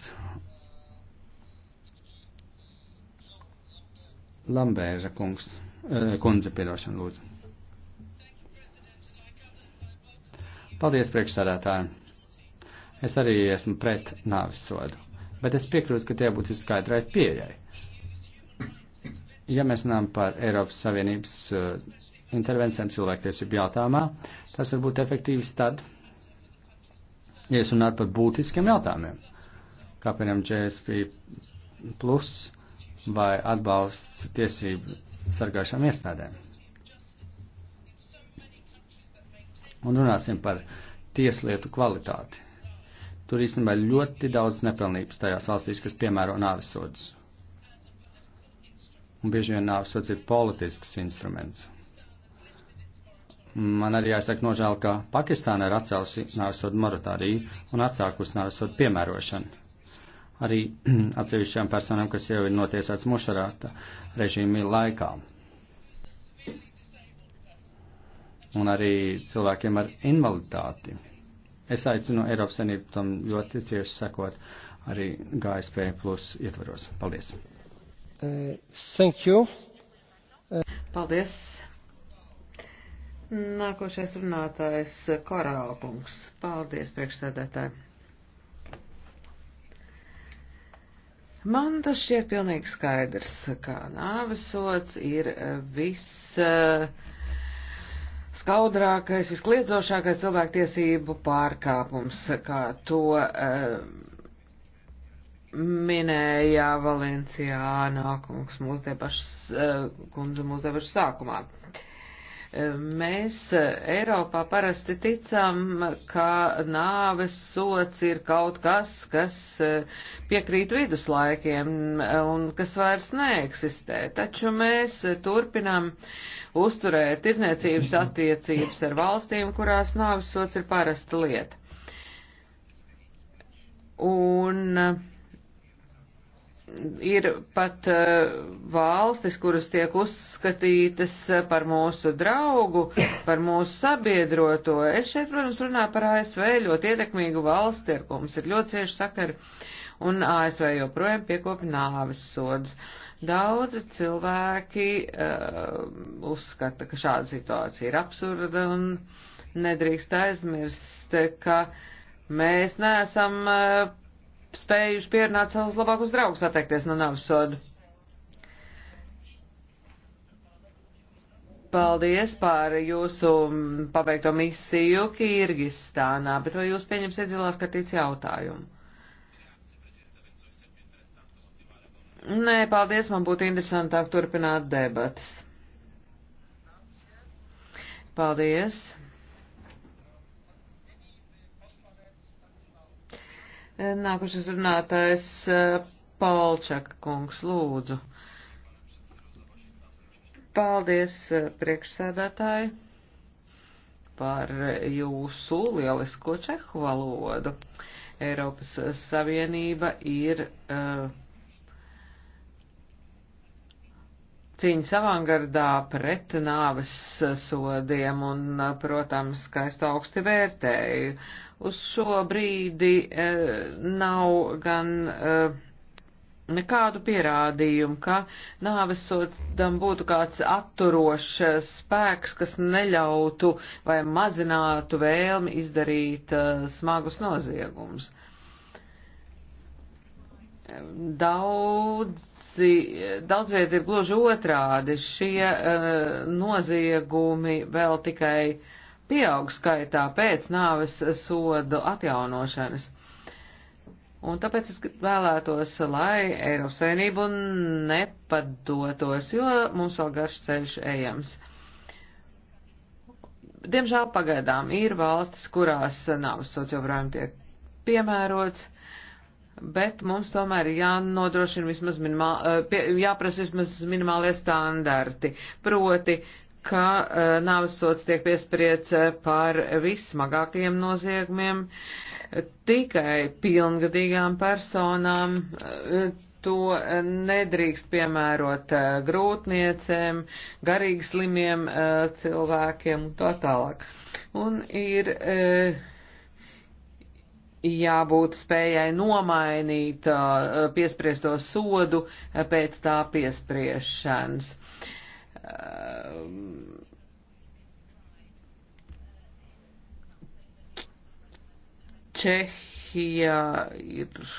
Lambēra kungs, eh, kundze piedošana lūdzu. Paldies priekšsādātājiem. Es arī esmu pret nāvis sodu, bet es piekrītu, ka tie būtu izskaidrēt pieejai ja mēs runājam par Eiropas Savienības eh, intervencijām cilvēktiesību jautājumā, tas var būt efektīvs tad, ja es runātu par būtiskiem jautājumiem, kā piemēram GSP plus vai atbalsts tiesību sargājušām iestādēm. Un runāsim par tieslietu kvalitāti. Tur īstenībā ļoti daudz nepilnības tajās valstīs, kas piemēro nāvisodus un bieži vien nāvsots ir politisks instruments. Man arī jāsaka nožēl, ka Pakistāna ir atcēlusi nāvsodu moratoriju un atsākus nāvsodu piemērošanu. Arī atsevišķām personām, kas jau ir notiesāts mušarāta režīmi laikā. Un arī cilvēkiem ar invaliditāti. Es aicinu Eiropas Savienību tam ļoti cieši sekot arī GSP plus ietvaros. Paldies! Thank you. Paldies. Nākošais runātājs Korālkungs. Paldies, priekšsēdētāji. Man tas šķiet pilnīgi skaidrs, ka nāvesots ir viss skaudrākais, viskliedzošākais cilvēktiesību pārkāpums, kā to. Uh, minēja Valencijāna kungs mūsu debašu, eh, kundze mūsu debašu sākumā. Eh, mēs eh, Eiropā parasti ticam, ka nāves sots ir kaut kas, kas piekrīt viduslaikiem un kas vairs neeksistē, taču mēs turpinam uzturēt tirzniecības attiecības ar valstīm, kurās nāves sots ir parasta lieta. Un uh, ir pat eh, valstis, kuras tiek uzskatītas eh, par mūsu draugu, par mūsu sabiedroto. Es šeit, protams, runāju par ASV ļoti ietekmīgu valsti, ar ko mums ir ļoti cieši sakari, un ASV joprojām piekopja nāves sodus. Daudzi cilvēki uh, uzskata, ka šāda situācija ir absurda un nedrīkst aizmirst, ka mēs neesam uh, spējuši pierunāt savus labākus draugus atteikties no nāves sodu. Paldies par jūsu paveikto misiju Kirgistānā, bet vai jūs pieņemsiet zilās kartīts jautājumu? Nē, paldies, man būtu interesantāk turpināt debatas. Paldies. Nākošais runātājs eh, Palčaka kungs, lūdzu. Paldies, eh, priekšsēdētāji, par jūsu lielisko čehu valodu. Eiropas Savienība ir uh, cīņas avangardā pret nāves sodiem un, protams, ka es to augsti vērtēju. Uh, uz šo brīdi e, nav gan e, nekādu pierādījumu, ka nāvesodam būtu kāds atturošs spēks, kas neļautu vai mazinātu vēlmi izdarīt e, smagus noziegumus. Daudzi, daudz viet ir gluži otrādi, šie noziegumi vēl tikai uh, pieaug skaitā pēc nāves sodu atjaunošanas. Un tāpēc es vēlētos, lai Eiropas Savienību nepadotos, jo mums vēl garš ceļš ejams. Diemžēl pagaidām ir valstis, kurās nāves sots joprojām tiek piemērots, bet mums tomēr jānodrošina vismaz minimāli, jāprasa vismaz minimālie standarti, proti ka uh, eh, nāvesots tiek piespriedz eh, par vissmagākajiem noziegumiem tikai pilngadīgām personām. Uh, to nedrīkst piemērot uh, grūtniecēm, garīgi slimiem uh, cilvēkiem un tā tālāk. Un ir uh, jābūt spējai nomainīt piespriesto sodu pēc tā piespriešanas. Uh, Um, Čehijā ir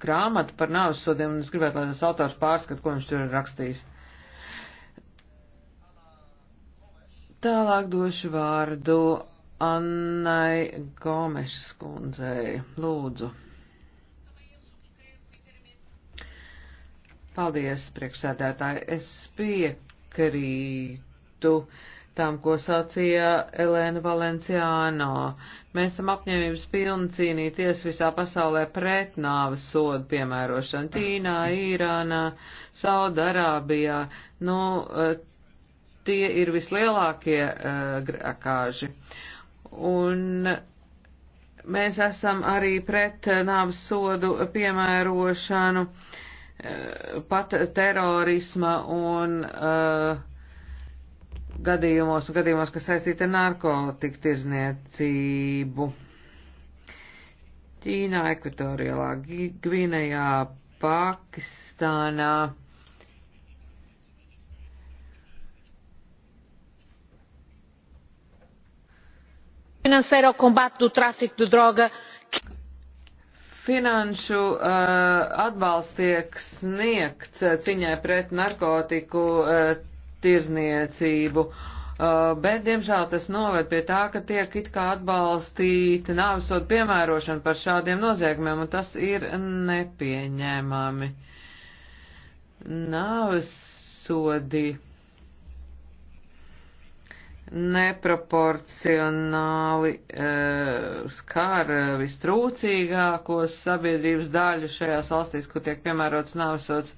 grāmata par nāvis sodiem, un es gribētu, lai tas autors pārskat, ko viņš tur ir rakstījis. Tālāk došu vārdu Annai Gomešas kundzei. Lūdzu. Paldies, priekšsēdētāji. Es piekrītu piekrītu tam, ko sacīja Elēna Valenciāno. Mēs esam apņēmības pilni cīnīties visā pasaulē pret nāves sodu piemērošanu Ķīnā, Īrānā, Saudarābijā. Nu, tie ir vislielākie uh, grēkāži. Un mēs esam arī pret nāves sodu piemērošanu uh, Eh, pat terorisma un uh, gadījumos, un gadījumos, kas saistīti ar narkotiku tirzniecību. Ķīnā, Ekvatoriālā, Gvinējā, Pakistānā. financeira ao combate do tráfico de droga Finanšu uh, atbalsts tiek sniegts eh, ciņai pret narkotiku uh, tirzniecību, uh, bet, diemžēl, tas noved pie tā, ka tiek it kā atbalstīta nāvisot piemērošana par šādiem noziegumiem, un tas ir nepieņēmami. Nāvis sodi neproporcionāli e, skar vistrūcīgākos sabiedrības daļu šajās valstīs, kur tiek piemērots nāvisots.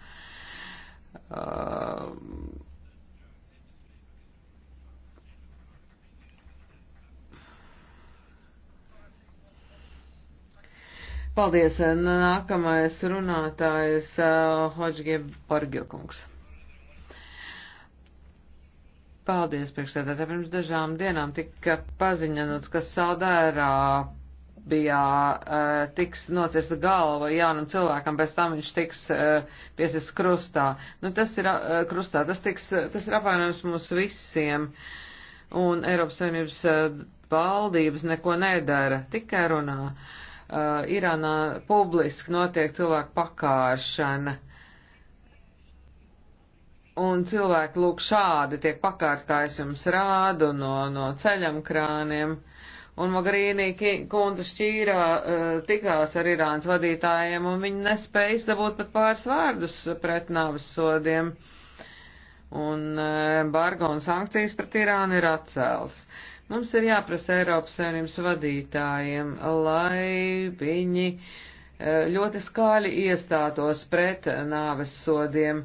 E, Paldies. Nākamais runātājs uh, e, Hoģgie Bargilkungs. Paldies, priekšsēdētāji. Pirms dažām dienām tika paziņots, ka Saudērā bija uh, tiks nocirsta galva jaunam cilvēkam, pēc tam viņš tiks uh, piesist krustā. Nu, tas ir, uh, krustā. Tas, tiks, tas ir apvainojums mums visiem, un Eiropas Savienības uh, valdības neko nedara, tikai runā. Uh, Irānā publiski notiek cilvēku pakāršana. Uh, un cilvēki lūk šādi tiek pakārtājis jums rādu no, no ceļam krāniem. Un Magarīnī kundze šķīrā uh, tikās ar Irānas vadītājiem, un viņi nespēja izdabūt pat pāris vārdus pret navas sodiem. Un uh, eh, barga un sankcijas pret Irānu ir atcēls. Mums ir jāprasa Eiropas savienības vadītājiem, lai viņi uh, ļoti skaļi iestātos pret nāves sodiem,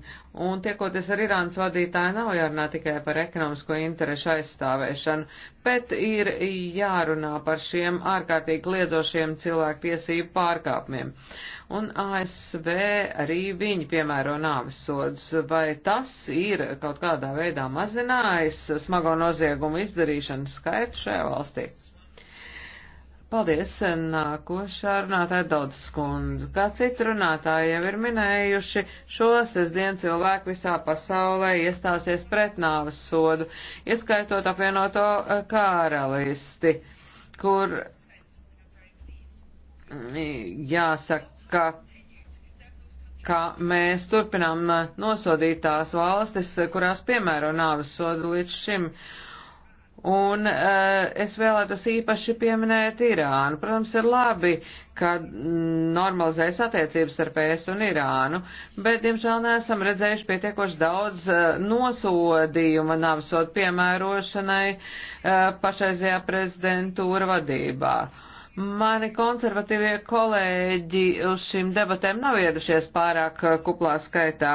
un tiekoties ar Irānas vadītāju nav jārunā tikai par ekonomisko interešu aizstāvēšanu, bet ir jārunā par šiem ārkārtīgi kliedzošiem cilvēktiesību pārkāpumiem. Un ASV arī viņi piemēro nāves sodus, vai tas ir kaut kādā veidā mazinājis smago noziegumu izdarīšanas skaitu šajā valstī? Paldies, nākošā runātāja daudz skundze. Kā citi runātāji jau ir minējuši, šo sestdien cilvēki visā pasaulē iestāsies pret nāves sodu, ieskaitot apvienoto eh, karalisti, kur mm, jāsaka, ka mēs turpinām eh, nosodīt tās valstis, kurās piemēro nāves sodu līdz šim. Uh, Un uh, es vēlētos īpaši pieminēt Irānu. Protams, ir labi, ka mm, normalizējas attiecības ar PS un Irānu, bet, diemžēl, neesam redzējuši pietiekoši daudz uh, nosodījuma navsot piemērošanai uh, eh, pašreizajā prezidentūra vadībā. Uh, Mani konservatīvie kolēģi uz šīm debatēm nav ieradušies pārāk eh, kuplā skaitā.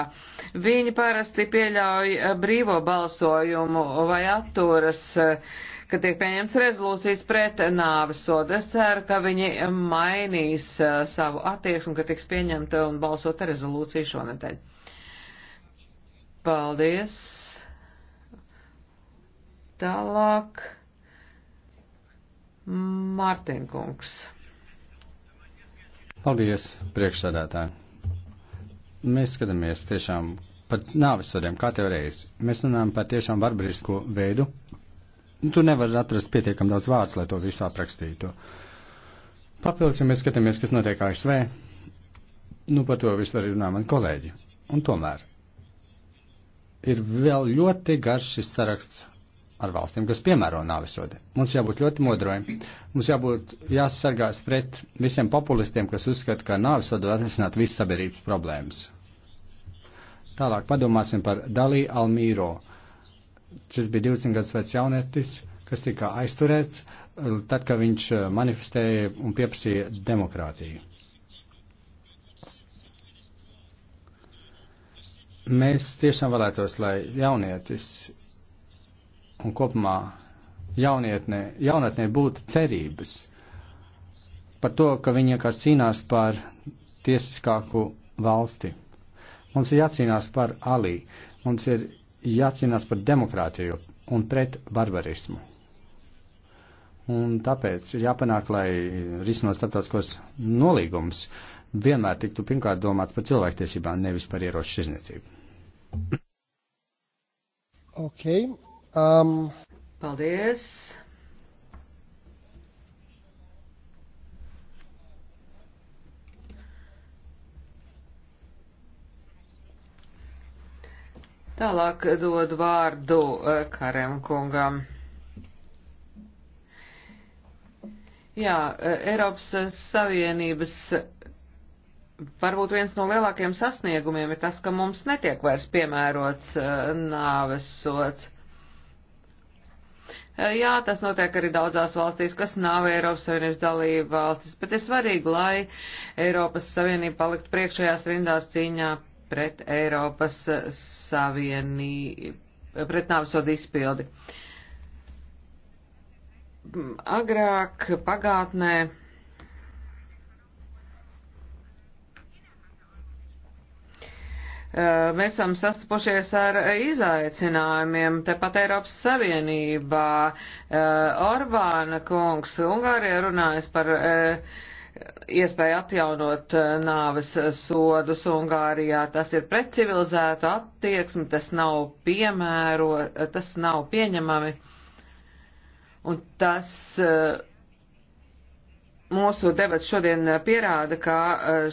Viņi parasti pieļauj eh, brīvo balsojumu vai atturas, eh, ka tiek pieņemts rezolūcijas pret nāves sodu. Es ceru, ka viņi mainīs savu attieksmi, ka tiks pieņemta un balsota rezolūcija šonadēļ. Paldies. Tālāk. Mārtiņkungs. Paldies, priekšsādātāji. Mēs skatāmies tiešām par nāvisvariem, kā tev reiz. Mēs runājam par tiešām barbarisku veidu. Tu nevar atrast pietiekam daudz vārds, lai to visu aprakstītu. Papildus, ja mēs skatāmies, kas notiek ASV, nu par to visu arī runā mani kolēģi. Un tomēr ir vēl ļoti garš šis saraksts ar valstīm, kas piemēro nāvisodu. Mums jābūt ļoti modroji. Mums jābūt jāsargās pret visiem populistiem, kas uzskata, ka nāvisodu var atrisināt visas sabiedrības problēmas. Tālāk padomāsim par Dalī Almīro. Šis bija 20 gadus vecs jaunietis, kas tika aizturēts, eh, tad, kad viņš eh, manifestēja un pieprasīja demokrātiju. Mēs tiešām vēlētos, lai jaunietis un kopumā jaunietnē, jaunatnē būtu cerības par to, ka viņi vienkārši cīnās par tiesiskāku valsti. Mums ir jācīnās par alī, mums ir jācīnās par demokrātiju un pret barbarismu. Un tāpēc ir jāpanāk, lai risinot starptautiskos nolīgumus, vienmēr tiktu pirmkārt domāts par cilvēktiesībām, nevis par ieroču izniecību. Okay. Um. Paldies. Tālāk dodu vārdu eh, Karem kungam. Jā, eh, Eiropas Savienības varbūt viens no lielākajiem sasniegumiem ir tas, ka mums netiek vairs piemērots eh, nāves sots. Eh, jā, tas notiek arī daudzās valstīs, kas nav Eiropas Savienības dalība valstis, bet ir svarīgi, lai Eiropas Savienība paliktu priekšējās rindās cīņā pret Eiropas eh, Savienību, eh, pret nāvisodu izpildi. Mm, agrāk pagātnē mēs esam sastapušies ar izaicinājumiem tepat Eiropas Savienībā. Orbāna kungs Ungārijā runājas par iespēju atjaunot nāves sodus Ungārijā. Tas ir pret civilizētu attieksmi, tas nav piemēro, tas nav pieņemami. Un tas mūsu debats šodien pierāda, ka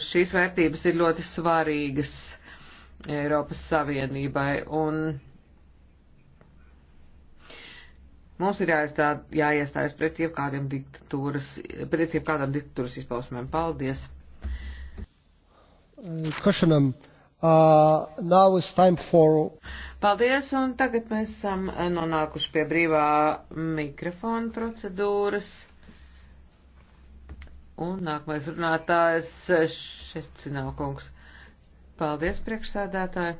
šīs vērtības ir ļoti svarīgas. Eiropas Savienībai. Un mums ir jāiestāj, jāiestājas pret jebkādiem diktatūras, pret jebkādām diktatūras izpausmēm. Paldies! Kašanam, uh, now it's time for. Paldies, un tagad mēs esam nonākuši pie brīvā mikrofona procedūras. Un nākamais runātājs Šecinākungs. Paldies, priekšsēdētāji,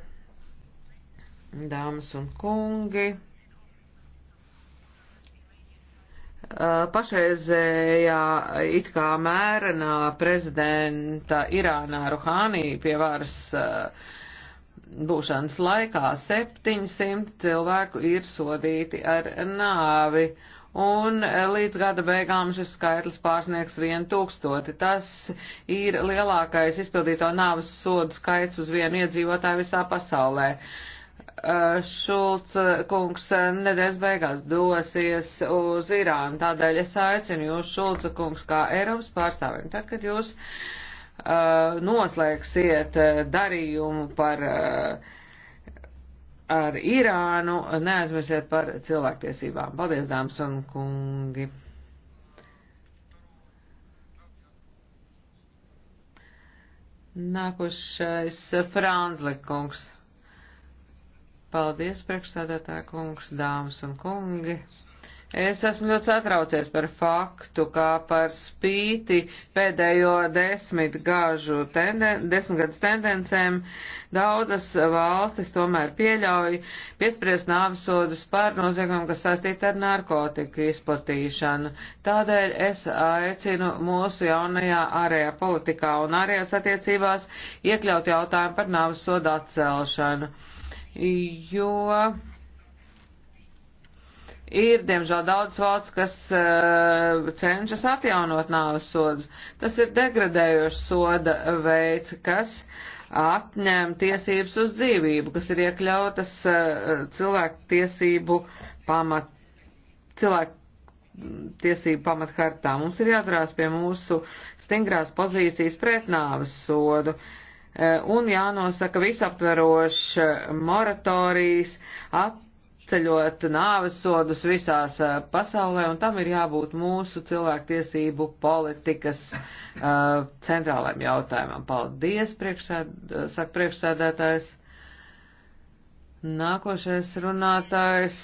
dāmas un kungi. pašreizējā it kā mērenā prezidenta Irānā Ruhānī pie varas būšanas laikā 700 cilvēku ir sodīti ar nāvi un eh, līdz gada beigām šis skaitlis pārsniegs 1000. Tas ir lielākais izpildīto nāves sodu skaits uz vienu iedzīvotāju visā pasaulē. Eh, Šulc eh, kungs nedēļas beigās dosies uz Irānu, tādēļ es aicinu jūs, Šulca kungs, kā Eiropas pārstāvim, tad, kad jūs uh, noslēgsiet darījumu par uh, ar Irānu, neaizmirsiet par cilvēktiesībām. Paldies, dāmas un kungi! Nākošais Frānzlikungs. Paldies, priekšstādātā kungs, dāmas un kungi! Es esmu ļoti satraucies par faktu, ka par spīti pēdējo desmit gažu tenden, desmitgadus tendencēm daudzas valstis tomēr pieļauj piespriest nāvisodus par noziegumu, kas saistīta ar narkotiku izplatīšanu. Tādēļ es aicinu mūsu jaunajā ārējā politikā un ārējās attiecībās iekļaut jautājumu par nāvisodu atcelšanu. Jo Ir, diemžēl, daudz valsts, kas uh, cenšas atjaunot nāves sodus. Tas ir degradējošs soda veids, kas atņem tiesības uz dzīvību, kas ir iekļautas uh, cilvēku tiesību pamat, cilvēku mm, tiesību pamathartā. Mums ir jāturās pie mūsu stingrās pozīcijas pret nāves sodu eh, un jānosaka visaptverošs moratorijas at izceļot nāvesodus visās eh, pasaulē, un tam ir jābūt mūsu cilvēktiesību politikas uh, eh, centrālajiem jautājumam. Paldies, priekšsēd, saka priekšsēdētājs. Nākošais runātājs.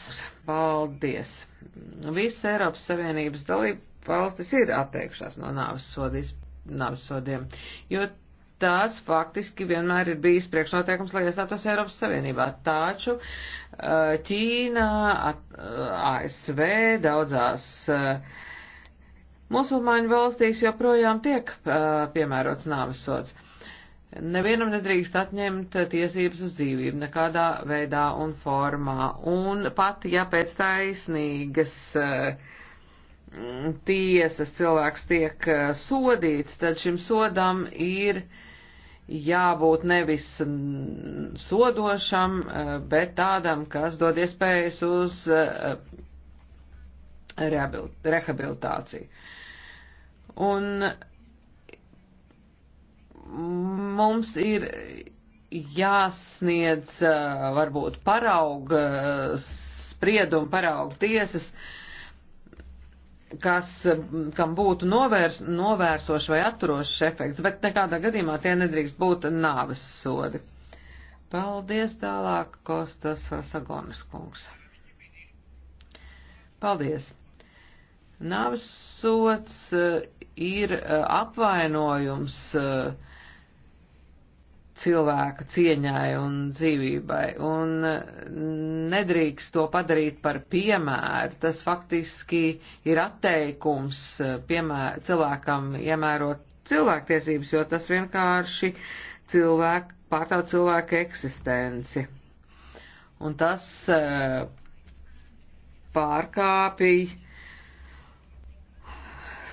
Paldies. Visas Eiropas Savienības dalība valstis ir atteikšās no nāvesodiem, jo tas faktiski vienmēr ir bijis priekšnoteikums, lai iestātos Eiropas Savienībā. Taču eh, Ķīna, ASV, eh, daudzās eh, musulmaņu valstīs joprojām tiek piemērots nāvesots. Nevienam nedrīkst atņemt tiesības uz dzīvību nekādā veidā un formā, un pat ja pēc taisnīgas uh, tiesas cilvēks tiek sodīts, tad šim sodam ir uh, jābūt nevis sodošam, eh, bet tādam, kas dod iespējas uz eh, rehabilitāciju. Un mums ir jāsniedz eh, varbūt parauga spriedumu, parauga tiesas uh, kas, mm, kam būtu novērs, novērsošs vai atturošs efekts, bet nekādā gadījumā tie nedrīkst būt nāves sodi. Paldies tālāk, Kostas Varsagonas kungs. Paldies. Nāves sots eh, ir eh, apvainojums uh, cilvēka cieņai un dzīvībai, un eh, nedrīkst to padarīt par piemēru. Tas faktiski ir atteikums eh, piemēr, cilvēkam iemērot cilvēktiesības, jo tas vienkārši cilvēku, pārtāv cilvēku eksistenci. Un tas eh, pārkāpja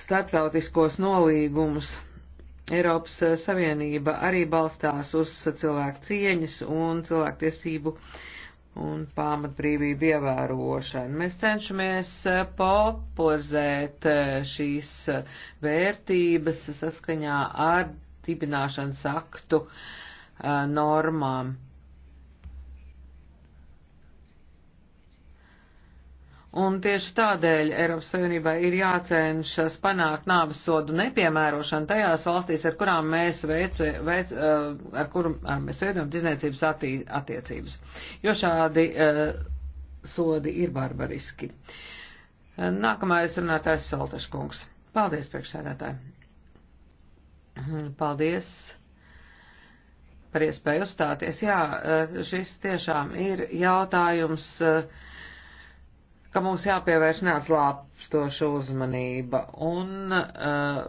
starptautiskos nolīgumus Eiropas eh, Savienība arī balstās uz cilvēku cieņas un cilvēktiesību un pamatbrīvību ievērošanu. Mēs cenšamies eh, popularizēt eh, šīs vērtības saskaņā ar dibināšanas aktu normām. Un tieši tādēļ Eiropas Savienībai ir jācenšas panākt nāves sodu nepiemērošanu tajās valstīs, ar kurām mēs, veic, veic, eh, ar kur, ar eh, mēs veidojam tirzniecības attī, attiecības, jo šādi uh, sodi ir barbariski. Nākamais runātājs Saltaškungs. Paldies, priekšsēdētāji. Paldies par iespēju uzstāties. Jā, šis tiešām ir jautājums. Uh, ka mums jāpievērš neatslāpstoša uzmanība. Un uh,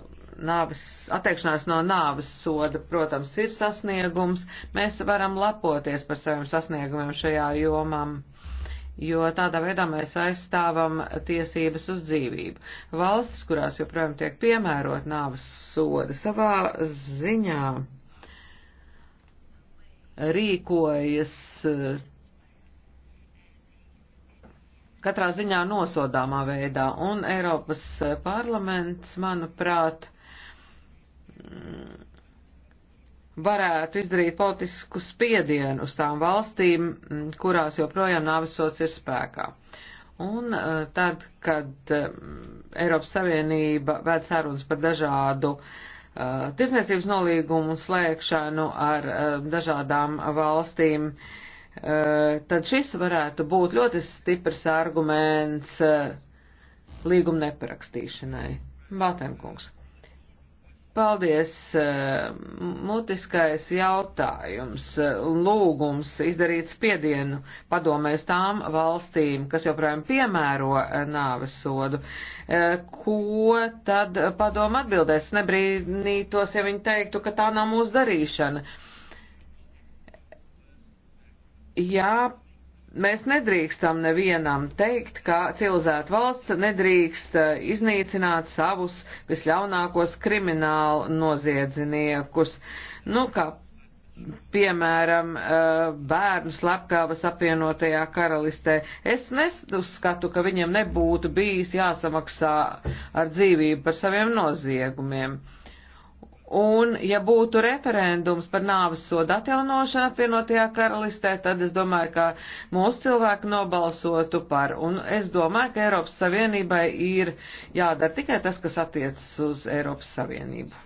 nāves, atteikšanās no nāves soda, protams, ir sasniegums. Mēs varam lepoties par saviem sasniegumiem šajā jomam, jo tādā veidā mēs aizstāvam tiesības uz dzīvību. Valstis, kurās joprojām tiek piemērot nāves soda savā ziņā, rīkojas uh, katrā ziņā nosodāmā veidā, un Eiropas parlaments, manuprāt, mm, varētu izdarīt politisku spiedienu uz tām valstīm, mm, kurās joprojām nāvisots ir spēkā. Un eh, tad, kad eh, Eiropas Savienība vēd sarunas par dažādu uh, tirsniecības nolīgumu slēgšanu ar uh, dažādām valstīm, uh, Eh, tad šis varētu būt ļoti stiprs arguments eh, līguma neparakstīšanai. Vātenkungs. Paldies. Eh, mutiskais jautājums un lūgums izdarīt spiedienu padomēs tām valstīm, kas joprojām piemēro nāves sodu. Ko tad padoma atbildēs? Nebrīnītos, ja viņi teiktu, ka tā nav mūsu darīšana. Uh, jā, mēs nedrīkstam nevienam teikt, ka civilizēta valsts nedrīkst eh, iznīcināt savus visļaunākos kriminālu noziedziniekus. Nu, kā piemēram, eh, bērnu slepkavas apvienotajā karalistē. Es neuzskatu, ka viņam nebūtu bijis jāsamaksā ar dzīvību par saviem noziegumiem. Uh, Un, ja būtu referendums par nāvis sodu atjaunošanu apvienotajā karalistē, tad es domāju, ka mūsu cilvēki nobalsotu par. Un es domāju, ka Eiropas Savienībai ir jādara tikai tas, kas attiecas uz Eiropas Savienību.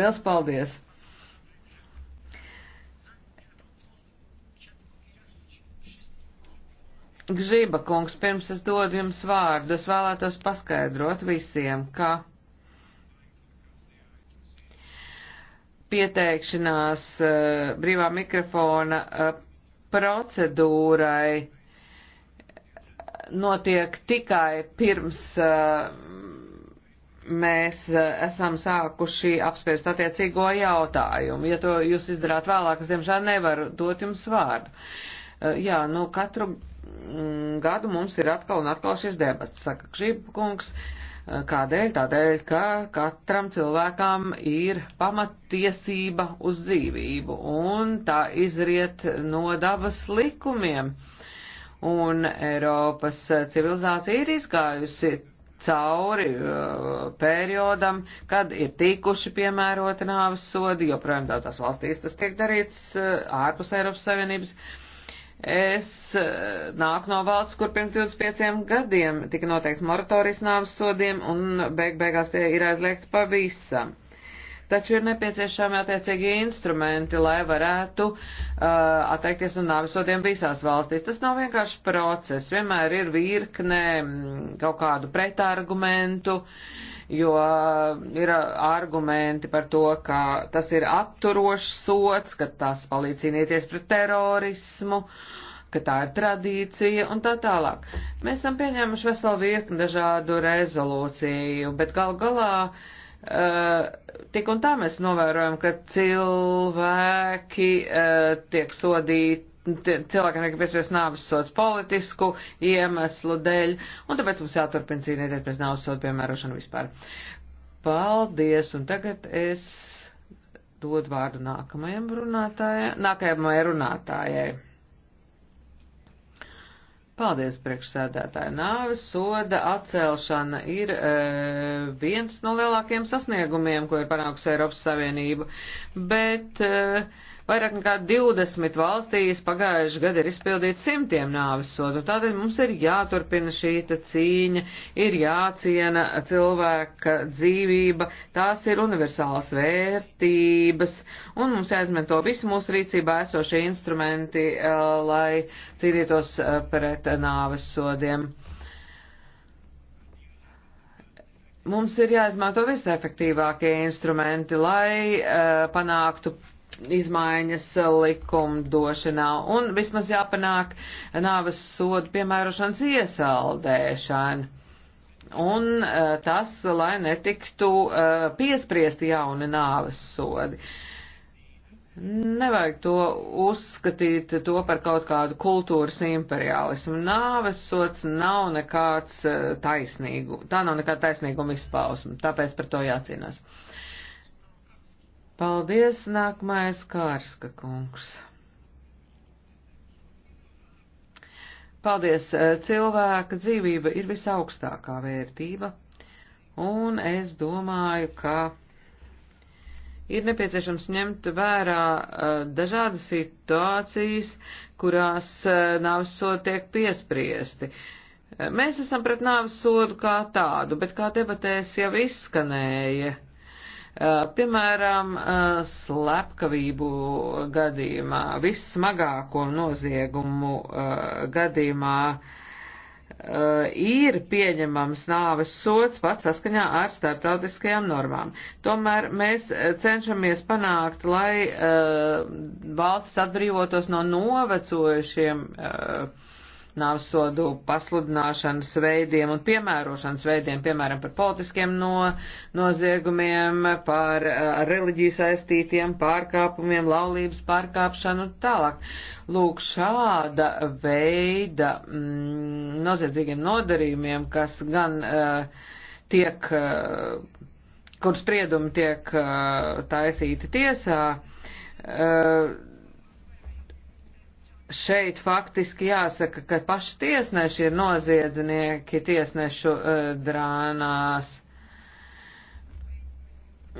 Liels paldies! Gžiba kungs, pirms es dodu jums vārdu, es vēlētos paskaidrot visiem, ka. pieteikšanās eh, brīvā mikrofona eh, procedūrai notiek tikai pirms eh, mēs esam sākuši apspriest attiecīgo jautājumu. Ja to jūs izdarāt vēlāk, es diemžēl nevaru dot jums vārdu. Jā, nu katru mm, gadu mums ir atkal un atkal šis debats, saka Gžibkungs. kungs Kādēļ? Tādēļ, ka katram cilvēkam ir pamatiesība uz dzīvību, un tā izriet no dabas likumiem. Un Eiropas civilizācija ir izgājusi cauri uh, periodam, kad ir tikuši piemēroti nāves sodi, joprojām daudzās valstīs tas tiek darīts uh, ārpus Eiropas Savienības. Uh, Es eh, nāku no valsts, kur pirms 25 gadiem tika noteikts moratorijas nāves sodiem, un beig beigās tie ir aizliegti pavisam. Taču ir nepieciešami attiecīgi instrumenti, lai varētu uh, atteikties no nāves sodiem visās valstīs. Tas nav vienkārši process, vienmēr ir virkne mm, kaut kādu pretargumentu. Uh, jo ir argumenti par to, ka tas ir apturošs sots, ka tas palīdz cīnīties pret terorismu, ka tā ir tradīcija un tā tālāk. Mēs esam pieņēmuši veselu virkni dažādu rezolūciju, bet gal galā Uh, tik un tā mēs novērojam, ka cilvēki uh, tiek sodīti cilvēkiem tiek piespriezt nāves sots politisku iemeslu dēļ, un tāpēc mums jāturpina cīnīties pret nāves sodu piemērošanu vispār. Paldies, un tagad es dod vārdu nākamajam runātājai, nākamajai runātājai. Paldies, priekšsēdētāji. Nāves soda atcelšana ir e, viens no lielākajiem sasniegumiem, ko ir panākusi Eiropas Savienība, bet e, Vairāk nekā 20 valstīs pagājuši gadi ir izpildīti simtiem nāvis sodu, un tādēļ mums ir jāturpina šīta cīņa, ir jāciena cilvēka dzīvība, tās ir universālas vērtības, un mums jāizmanto visi mūsu rīcībā esošie instrumenti, eh, lai cīnītos eh, pret nāvis sodiem. mums ir jāizmanto visefektīvākie instrumenti, lai uh, panāktu izmaiņas likumdošanā un vismaz jāpanāk nāves sodu piemērošanas iesaldēšana. Un eh, tas, lai netiktu eh, piespriesti jauni nāves sodi. Nevajag to uzskatīt to par kaut kādu kultūras imperialismu. Nāves sots nav nekāds eh, taisnīgu, tā nav nekāda taisnīguma izpausme, tāpēc par to jācīnās. Paldies, nākamais Kārska kungs. Paldies, eh, cilvēka dzīvība ir visaugstākā vērtība, un es domāju, ka ir nepieciešams ņemt vērā eh, dažādas situācijas, kurās eh, nāves sodi tiek piespriesti. Mēs esam pret nāves sodu kā tādu, bet kā debatēs jau izskanēja Eh, piemēram, eh, slepkavību gadījumā, vissmagāko noziegumu eh, gadījumā ir pieņemams nāves sots pats saskaņā ar starptautiskajām normām. Tomēr mēs cenšamies panākt, lai valsts atbrīvotos no novecojušiem uh, nāvsodu pasludināšanas veidiem un piemērošanas veidiem, piemēram, par politiskiem no, noziegumiem, par uh, reliģiju saistītiem pārkāpumiem, laulības pārkāpšanu un tālāk. Lūk, šāda veida mm, noziedzīgiem nodarījumiem, kas gan uh, tiek, uh, kur spriedumi tiek uh, taisīti tiesā, uh, šeit faktiski jāsaka, ka paši tiesneši ir noziedznieki tiesnešu uh, drānās.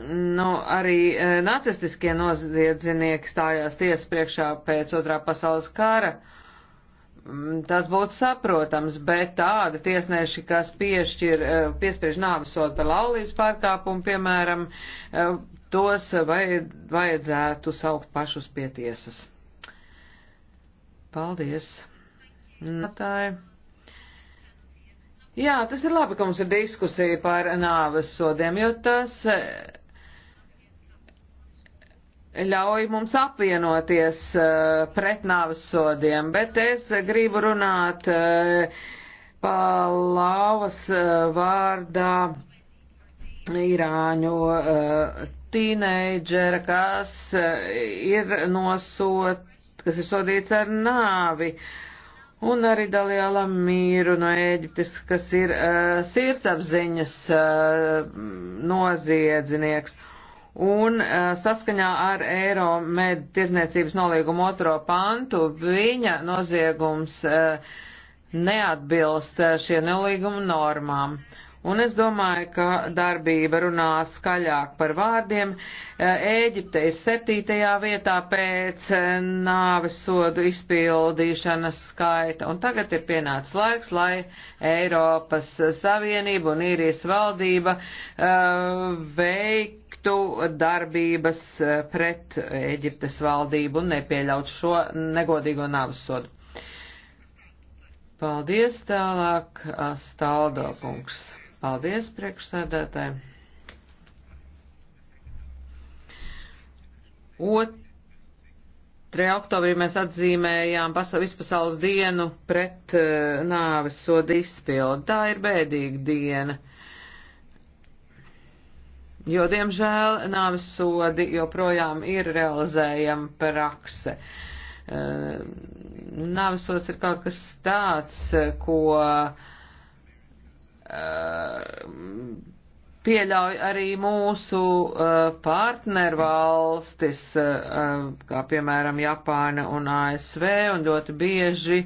Nu, arī uh, nacistiskie noziedznieki stājās tiesas priekšā pēc otrā pasaules kara. Mm, tas būtu saprotams, bet tādi tiesneši, kas piešķir, uh, e, piespiež nāvisodu par laulības pārkāpumu, piemēram, uh, tos vajad, vajadzētu saukt pašus pie tiesas. Paldies! Natāja. Jā, tas ir labi, ka mums ir diskusija par nāves sodiem, jo tas eh, ļauj mums apvienoties eh, pret nāves sodiem, bet es gribu runāt eh, palavas vārdā Irāņu tīneidžera, kas ir nosot kas ir sodīts ar nāvi. Un arī Dalijāla Mīru no Ēģiptes, kas ir uh, sirdsapziņas uh, noziedznieks. Un uh, saskaņā ar Eiro med tiesniecības nolīgumu otro pantu viņa noziegums uh, neatbilst šie nelīguma normām. Uh, Un es domāju, ka darbība runā skaļāk par vārdiem. E, Ēģipte ir septītajā vietā pēc e, nāves sodu izpildīšanas skaita. Un tagad ir pienācis laiks, lai Eiropas Savienība un īrijas valdība uh, e, veiktu veiktu darbības pret Eģiptes valdību un nepieļaut šo negodīgo nāvis sodu. Paldies tālāk, Staldo kungs. Paldies, priekšsēdētāji. Ot 3. oktobrī mēs atzīmējām pasa vispasaules dienu pret uh, nāves sodu izpildu. Tā ir bēdīga diena. Jo, diemžēl, nāves sodi joprojām ir realizējama prakse. Uh, nāves sods ir kaut kas tāds, eh, ko uh, Eh, pieļauj arī mūsu eh, partnervalstis, eh, kā piemēram Japāna un ASV, un ļoti bieži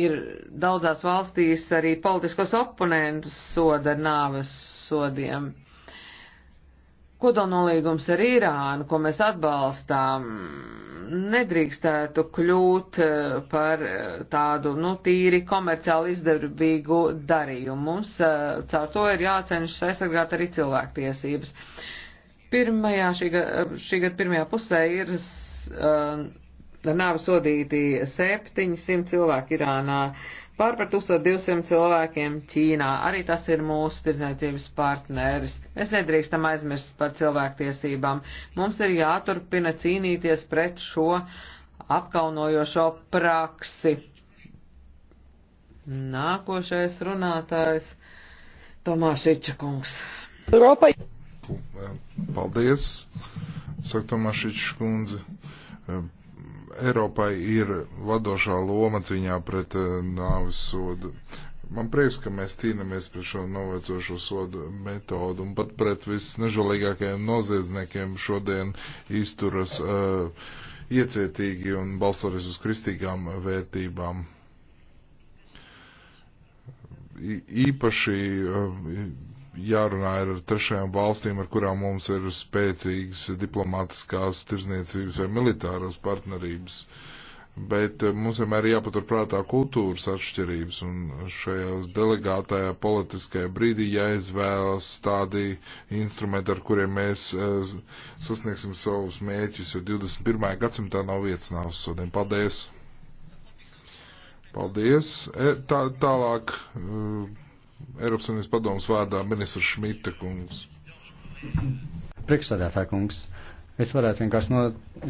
ir daudzās valstīs arī politiskos oponentus soda ar nāves sodiem. Kodolnolīgums ar Irānu, ko mēs atbalstām, nedrīkstētu kļūt eh, par eh, tādu, nu, tīri komerciāli izdarbīgu darījumu. Mums eh, caur to ir jācenšas aizsargāt arī cilvēktiesības. Pirmajā, šī, šī gada pirmajā pusē ir uh, nāvis sodīti 700 cilvēki Irānā. Uh, Pār par 1200 cilvēkiem Ķīnā arī tas ir mūsu tirdzniecības partneris. Mēs nedrīkstam aizmirst par cilvēktiesībām. Mums ir jāturpina cīnīties pret šo apkaunojošo praksi. Nākošais runātājs Tomāšiča kungs. Europa. Paldies, saka Tomāšiča kundze Eiropai ir vadošā loma cīņā pret eh, nāvis sodu. Man prieks, ka mēs cīnāmies pret šo novecošo sodu metodu un pat pret visnežēlīgākajiem noziedzniekiem šodien izturas uh, iecietīgi un balstoties uz kristīgām vērtībām. I, īpaši uh, jārunā ar trešajām valstīm, ar kurām mums ir spēcīgas diplomātiskās, tirzniecības vai militāras partnerības. Bet eh, mums vienmēr ir jāpatur prātā kultūras atšķirības, un šajā delegātajā politiskajā brīdī jāizvēlas tādi instrumenti, ar kuriem mēs eh, sasniegsim savus mēķus, jo 21. gadsimtā nav vietas nav sodiem. Paldies! Paldies! E, tā, tālāk. Uh, Eiropas Savienības padomas vārdā ministrs Šmita kungs. Priekšsādātāja kungs, es varētu vienkārši no,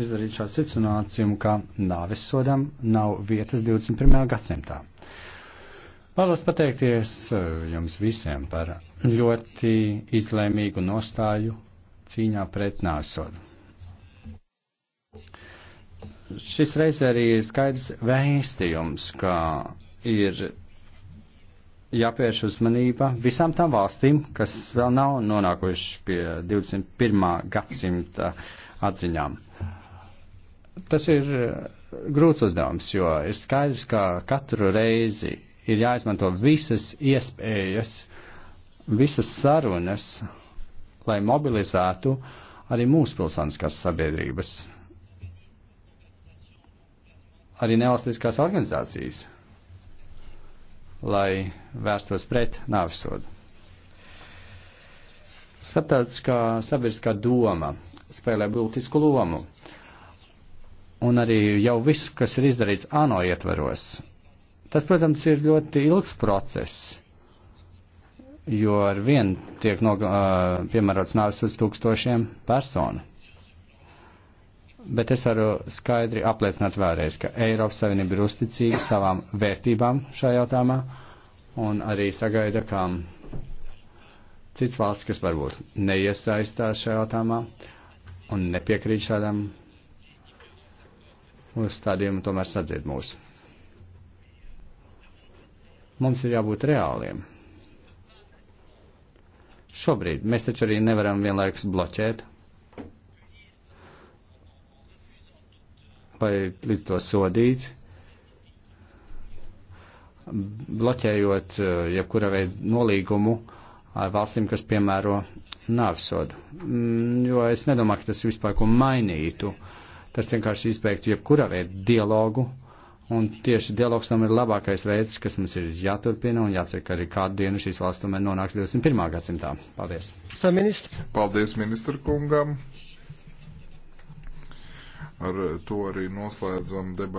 izdarīt šādu secinājumu, ka nāves sodam nav vietas 21. gadsimtā. Vēlos pateikties eh, jums visiem par ļoti izlēmīgu nostāju cīņā pret nāsodu. Šis reiz arī ir skaidrs vēstījums, ka ir jāpievērš uzmanība visām tām valstīm, kas vēl nav nonākušas pie 21. gadsimta atziņām. Tas ir eh, grūts uzdevums, jo ir skaidrs, ka katru reizi ir jāizmanto visas iespējas, visas sarunas, lai mobilizētu arī mūsu pilsoniskās sabiedrības, arī nevalstiskās organizācijas lai vērstos pret nāvisodu. Starptautiskā sabiedriskā doma spēlē būtisku lomu, un arī jau viss, kas ir izdarīts ANO ietvaros, tas, protams, ir ļoti ilgs process, jo ar vienu tiek no, uh, piemērots nāvis uz tūkstošiem personu bet es varu skaidri apliecināt vēlreiz, ka Eiropas Savienība ir uzticīga savām vērtībām šajā jautājumā un arī sagaida, ka cits valsts, kas varbūt neiesaistās šajā jautājumā un nepiekrīt šādam uzstādījumam, tomēr sadzird mūs. Mums ir jābūt reāliem. Šobrīd mēs taču arī nevaram vienlaikus bloķēt vai līdz to sodīt, bloķējot eh, jebkura veida nolīgumu ar valstīm, kas piemēro nāvsodu. Mm, jo es nedomāju, ka tas vispār ko mainītu. Tas vienkārši izbeigtu jebkura veida dialogu. Un tieši dialogs tam ir labākais veids, kas mums ir jāturpina un jācer, ka arī kādu dienu šīs valsts tomēr nonāks 21. gadsimtā. Paldies. Paldies ministru kungam. Ar to arī noslēdzam debatu.